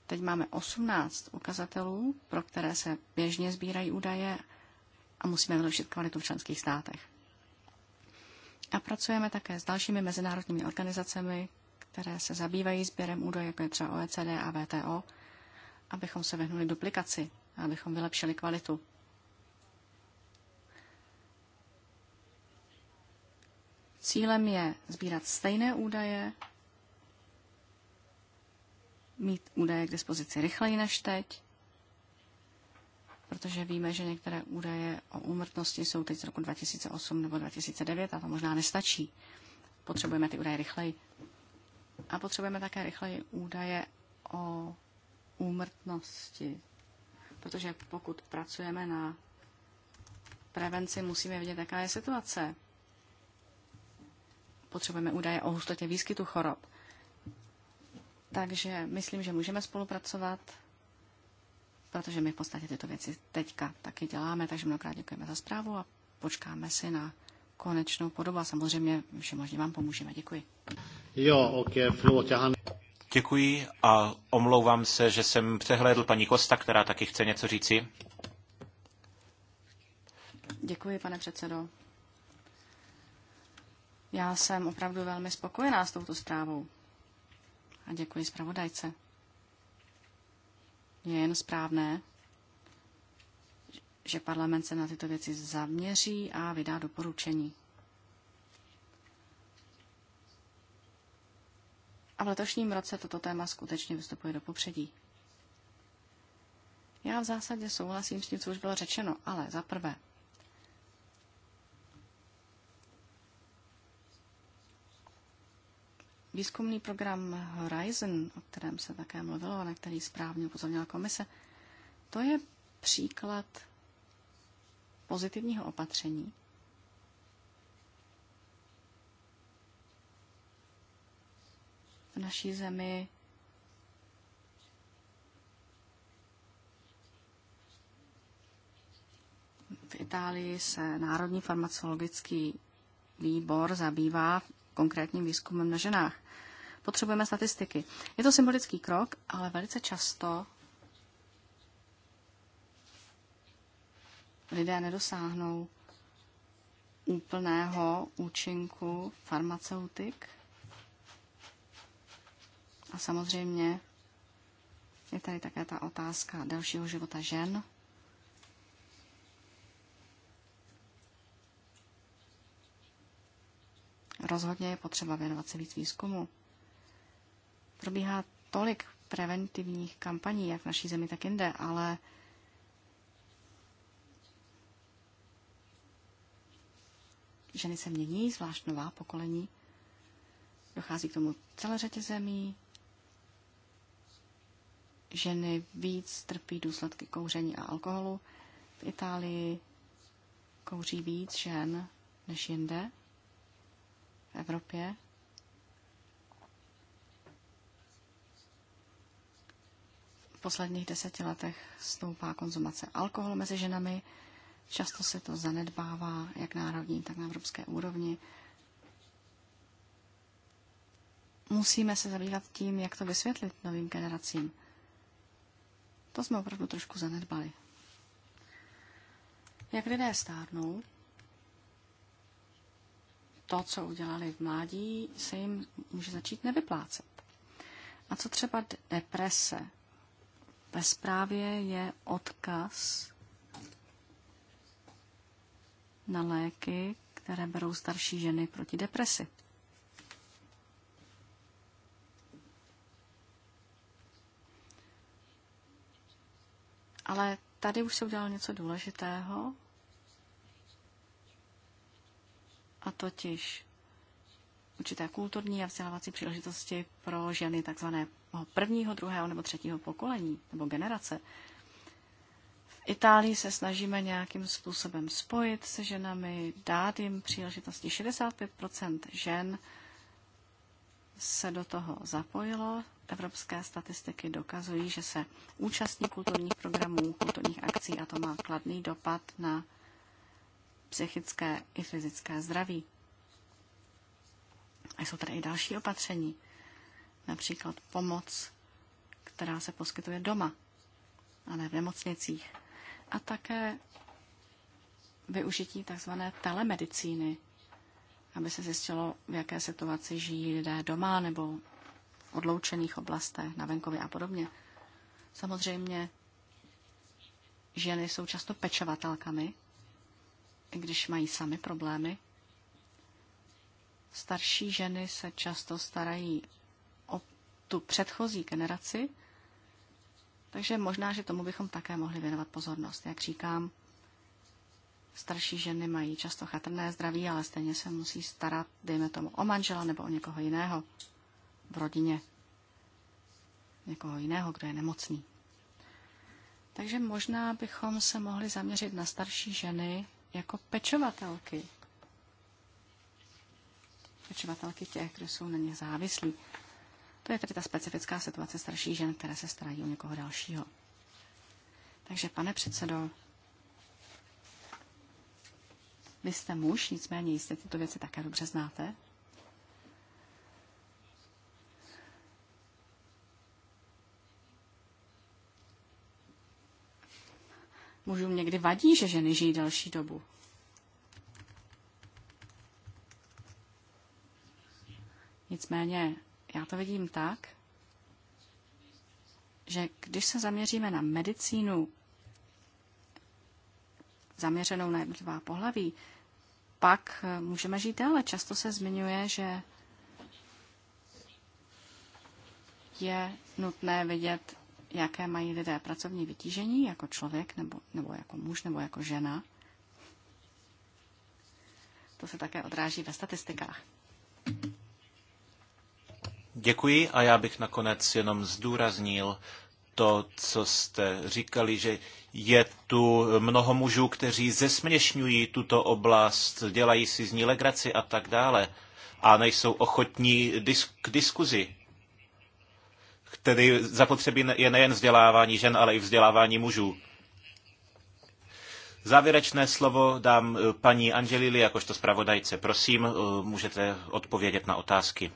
Teď máme 18 ukazatelů, pro které se běžně sbírají údaje a musíme vylepšit kvalitu v členských státech. A pracujeme také s dalšími mezinárodními organizacemi, které se zabývají sběrem údajů, jako je třeba OECD a VTO, abychom se vyhnuli duplikaci a abychom vylepšili kvalitu. Cílem je sbírat stejné údaje, mít údaje k dispozici rychleji než teď, protože víme, že některé údaje o úmrtnosti jsou teď z roku 2008 nebo 2009 a to možná nestačí. Potřebujeme ty údaje rychleji. A potřebujeme také rychleji údaje o úmrtnosti, protože pokud pracujeme na prevenci, musíme vědět, jaká je situace. Potřebujeme údaje o hustotě výskytu chorob. Takže myslím, že můžeme spolupracovat, protože my v podstatě tyto věci teďka taky děláme, takže mnohokrát děkujeme za zprávu a počkáme si na konečnou podobu a samozřejmě všemožně vám pomůžeme. Děkuji. Jo, ok, já... Děkuji a omlouvám se, že jsem přehlédl paní Kosta, která taky chce něco říci. Děkuji, pane předsedo. Já jsem opravdu velmi spokojená s touto zprávou. A děkuji zpravodajce. Je jen správné, že parlament se na tyto věci zaměří a vydá doporučení. A v letošním roce toto téma skutečně vystupuje do popředí. Já v zásadě souhlasím s tím, co už bylo řečeno, ale za prvé, Výzkumný program Horizon, o kterém se také mluvilo a na který správně upozornila komise, to je příklad pozitivního opatření, v naší zemi v Itálii se Národní farmacologický výbor zabývá konkrétním výzkumem na ženách. Potřebujeme statistiky. Je to symbolický krok, ale velice často lidé nedosáhnou úplného účinku farmaceutik a samozřejmě je tady také ta otázka dalšího života žen. Rozhodně je potřeba věnovat se víc výzkumu. Probíhá tolik preventivních kampaní, jak v naší zemi, tak jinde, ale ženy se mění, zvlášť nová pokolení. Dochází k tomu celé řetě zemí, ženy víc trpí důsledky kouření a alkoholu. V Itálii kouří víc žen než jinde v Evropě. V posledních deseti letech stoupá konzumace alkoholu mezi ženami. Často se to zanedbává jak národní, tak na evropské úrovni. Musíme se zabývat tím, jak to vysvětlit novým generacím. To jsme opravdu trošku zanedbali. Jak lidé stárnou, to, co udělali v mládí, se jim může začít nevyplácet. A co třeba deprese? Ve zprávě je odkaz na léky, které berou starší ženy proti depresi. Ale tady už se udělalo něco důležitého, a totiž určité kulturní a vzdělávací příležitosti pro ženy takzvaného prvního, druhého nebo třetího pokolení nebo generace. V Itálii se snažíme nějakým způsobem spojit se ženami, dát jim příležitosti. 65 žen se do toho zapojilo, Evropské statistiky dokazují, že se účastní kulturních programů, kulturních akcí a to má kladný dopad na psychické i fyzické zdraví. A jsou tady i další opatření, například pomoc, která se poskytuje doma a ne v nemocnicích. A také využití tzv. telemedicíny, aby se zjistilo, v jaké situaci žijí lidé doma nebo odloučených oblastech, na venkově a podobně. Samozřejmě ženy jsou často pečovatelkami, i když mají sami problémy. Starší ženy se často starají o tu předchozí generaci, takže možná, že tomu bychom také mohli věnovat pozornost. Jak říkám, starší ženy mají často chatrné zdraví, ale stejně se musí starat, dejme tomu, o manžela nebo o někoho jiného v rodině někoho jiného, kdo je nemocný. Takže možná bychom se mohli zaměřit na starší ženy jako pečovatelky. Pečovatelky těch, kdo jsou na ně závislí. To je tedy ta specifická situace starší žen, které se starají o někoho dalšího. Takže, pane předsedo, vy jste muž, nicméně jistě tyto věci také dobře znáte. Mužům někdy vadí, že ženy žijí delší dobu. Nicméně já to vidím tak, že když se zaměříme na medicínu zaměřenou na jednotlivá pohlaví, pak eh, můžeme žít déle. Často se zmiňuje, že je nutné vidět jaké mají lidé pracovní vytížení jako člověk, nebo, nebo jako muž, nebo jako žena. To se také odráží ve statistikách. Děkuji a já bych nakonec jenom zdůraznil to, co jste říkali, že je tu mnoho mužů, kteří zesměšňují tuto oblast, dělají si z ní legraci a tak dále a nejsou ochotní disk- k diskuzi tedy zapotřebí je nejen vzdělávání žen, ale i vzdělávání mužů. Závěrečné slovo dám eh, paní Angelili jakožto zpravodajce. Prosím, eh, můžete odpovědět na otázky.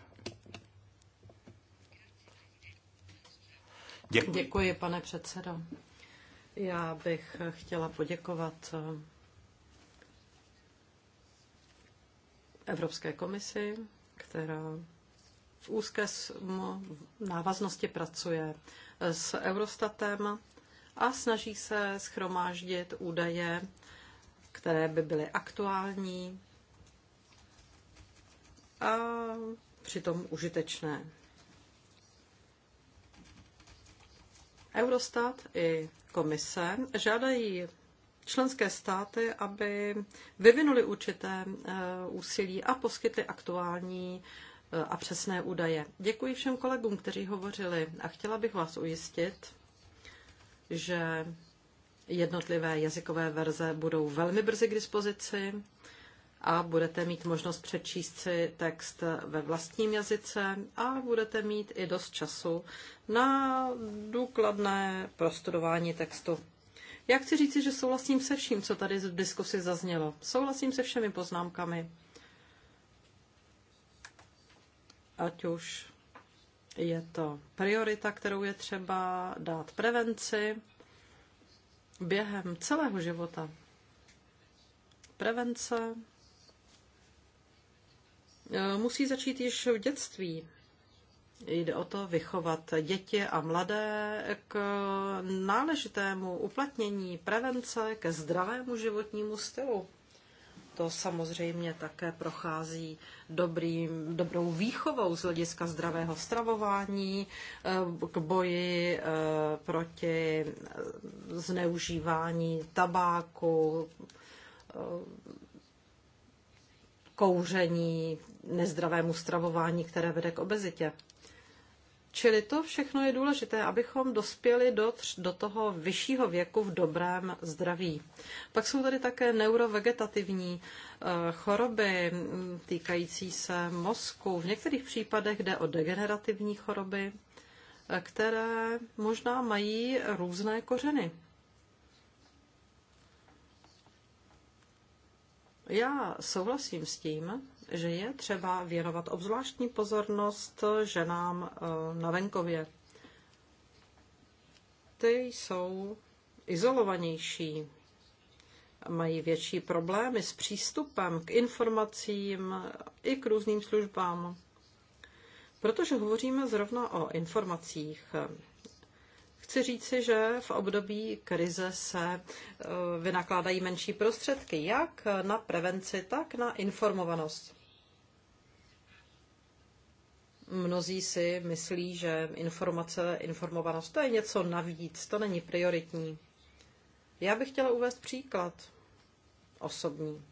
Děkuji. Děkuji, pane předsedo. Já bych chtěla poděkovat eh, Evropské komisi, která v úzké návaznosti pracuje s Eurostatem a snaží se schromáždit údaje, které by byly aktuální a přitom užitečné. Eurostat i komise žádají členské státy, aby vyvinuli určité eh, úsilí a poskytli aktuální a přesné údaje. Děkuji všem kolegům, kteří hovořili a chtěla bych vás ujistit, že jednotlivé jazykové verze budou velmi brzy k dispozici a budete mít možnost přečíst si text ve vlastním jazyce a budete mít i dost času na důkladné prostudování textu. Já chci říci, že souhlasím se vším, co tady v diskusi zaznělo. Souhlasím se všemi poznámkami. ať už je to priorita, kterou je třeba dát prevenci během celého života. Prevence e, musí začít již v dětství. Jde o to vychovat děti a mladé k náležitému uplatnění prevence, ke zdravému životnímu stylu to samozřejmě také prochází dobrým, dobrou výchovou z hlediska zdravého stravování, eh, k boji eh, proti eh, zneužívání tabáku, kouření, nezdravému stravování, které vede k obezitě. Čili to všechno je důležité, abychom dospěli do, do toho vyššího věku v dobrém zdraví. Pak jsou tady také neurovegetativní eh, choroby mm, týkající se mozku. V některých případech jde o degenerativní choroby, eh, které možná mají různé kořeny. Já souhlasím s tím, že je třeba věnovat obzvláštní pozornost ženám eh, na venkově. Ty jsou izolovanější, mají větší problémy s přístupem k informacím i k různým službám. Protože hovoříme zrovna o informacích, Chci říci, že v období krize se eh, vynakládají menší prostředky, jak na prevenci, tak na informovanost. Mnozí si myslí, že informace, informovanost, to je něco navíc, to není prioritní. Já bych chtěla uvést příklad osobní.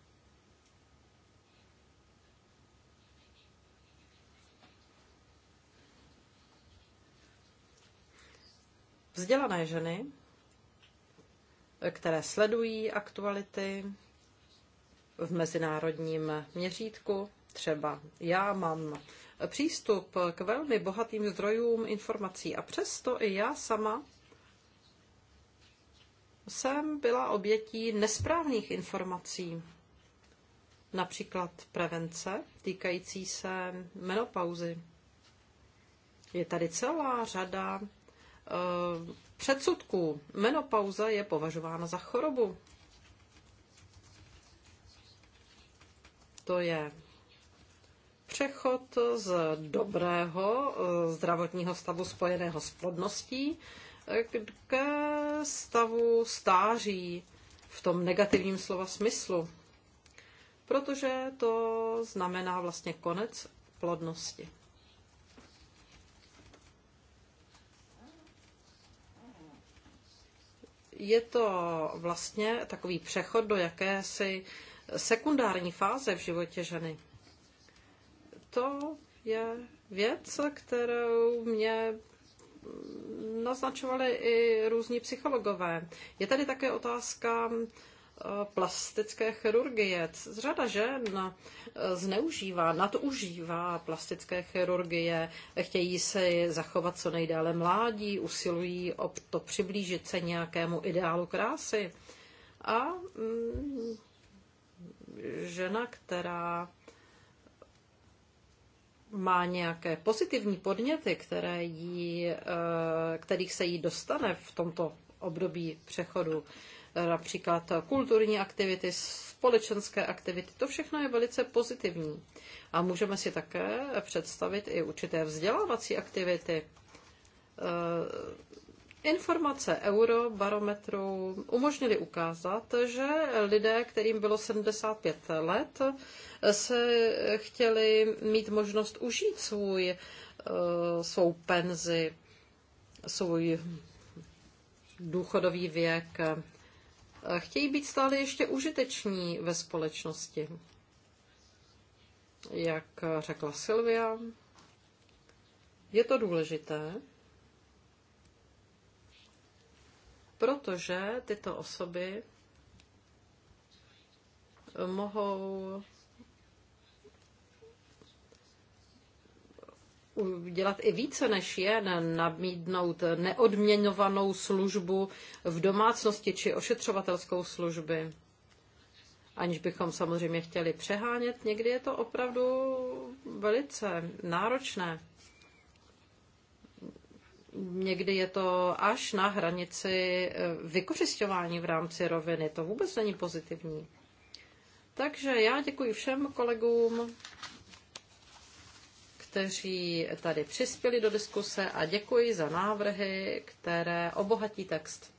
Vzdělané ženy, které sledují aktuality v mezinárodním měřítku, třeba já mám přístup k velmi bohatým zdrojům informací a přesto i já sama jsem byla obětí nesprávných informací, například prevence týkající se menopauzy. Je tady celá řada Eh, předsudků. Menopauza je považována za chorobu. To je přechod z dobrého eh, zdravotního stavu spojeného s plodností eh, k stavu stáří v tom negativním slova smyslu. Protože to znamená vlastně konec plodnosti. je to vlastně takový přechod do jakési sekundární fáze v životě ženy. To je věc, kterou mě naznačovali i různí psychologové. Je tady také otázka Eh, plastické chirurgie. Řada žen eh, zneužívá, nadužívá plastické chirurgie, chtějí se zachovat co nejdále mládí, usilují o to přiblížit se nějakému ideálu krásy. A mm, žena, která má nějaké pozitivní podněty, které jí, eh, kterých se jí dostane v tomto období přechodu, například kulturní aktivity, společenské aktivity. To všechno je velice pozitivní. A můžeme si také představit i určité vzdělávací aktivity. E, informace Eurobarometru umožnily ukázat, že lidé, kterým bylo 75 let, se chtěli mít možnost užít svůj, e, svou penzi, svůj důchodový věk chtějí být stále ještě užiteční ve společnosti. Jak řekla Silvia, je to důležité, protože tyto osoby mohou dělat i více, než jen nabídnout neodměňovanou službu v domácnosti či ošetřovatelskou služby. Aniž bychom samozřejmě chtěli přehánět, někdy je to opravdu velice náročné. Někdy je to až na hranici eh, vykořišťování v rámci roviny. To vůbec není pozitivní. Takže já děkuji všem kolegům kteří tady přispěli do diskuse a děkuji za návrhy, které obohatí text.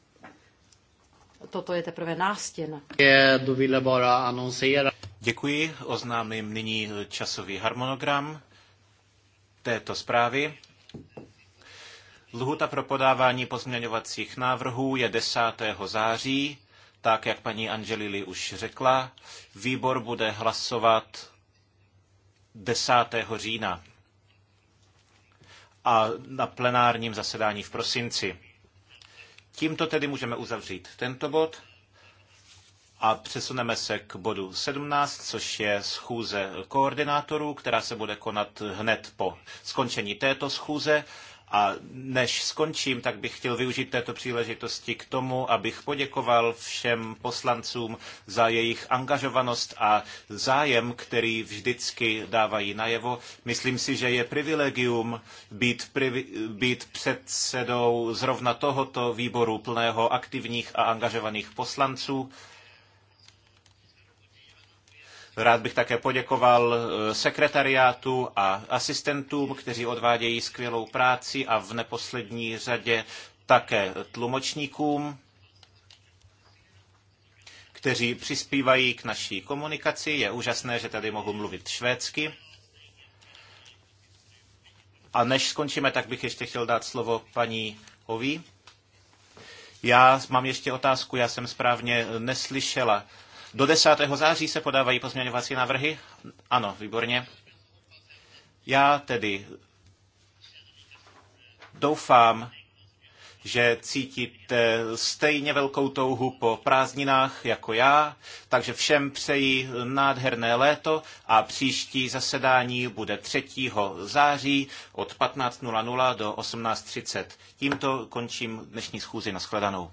Toto je teprve nástěn. Děkuji, oznámím nyní časový harmonogram této zprávy. Lhuta pro podávání pozměňovacích návrhů je 10. září, tak jak paní Angelili už řekla. Výbor bude hlasovat 10. října a na plenárním zasedání v prosinci. Tímto tedy můžeme uzavřít tento bod a přesuneme se k bodu 17, což je schůze koordinátorů, která se bude konat hned po skončení této schůze a než skončím, tak bych chtěl využít této příležitosti k tomu, abych poděkoval všem poslancům za jejich angažovanost a zájem, který vždycky dávají najevo. Myslím si, že je privilegium být, privi, být předsedou zrovna tohoto výboru plného aktivních a angažovaných poslanců. Rád bych také poděkoval eh, sekretariátu a asistentům, kteří odvádějí skvělou práci a v neposlední řadě také tlumočníkům, kteří přispívají k naší komunikaci. Je úžasné, že tady mohu mluvit švédsky. A než skončíme, tak bych ještě chtěl dát slovo paní Ovi. Já mám ještě otázku, já jsem správně neslyšela. Do 10. září se podávají pozměňovací návrhy? Ano, výborně. Já tedy doufám, že cítíte stejně velkou touhu po prázdninách jako já, takže všem přeji nádherné léto a příští zasedání bude 3. září od 15.00 do 18.30. Tímto končím dnešní schůzi. Naschledanou.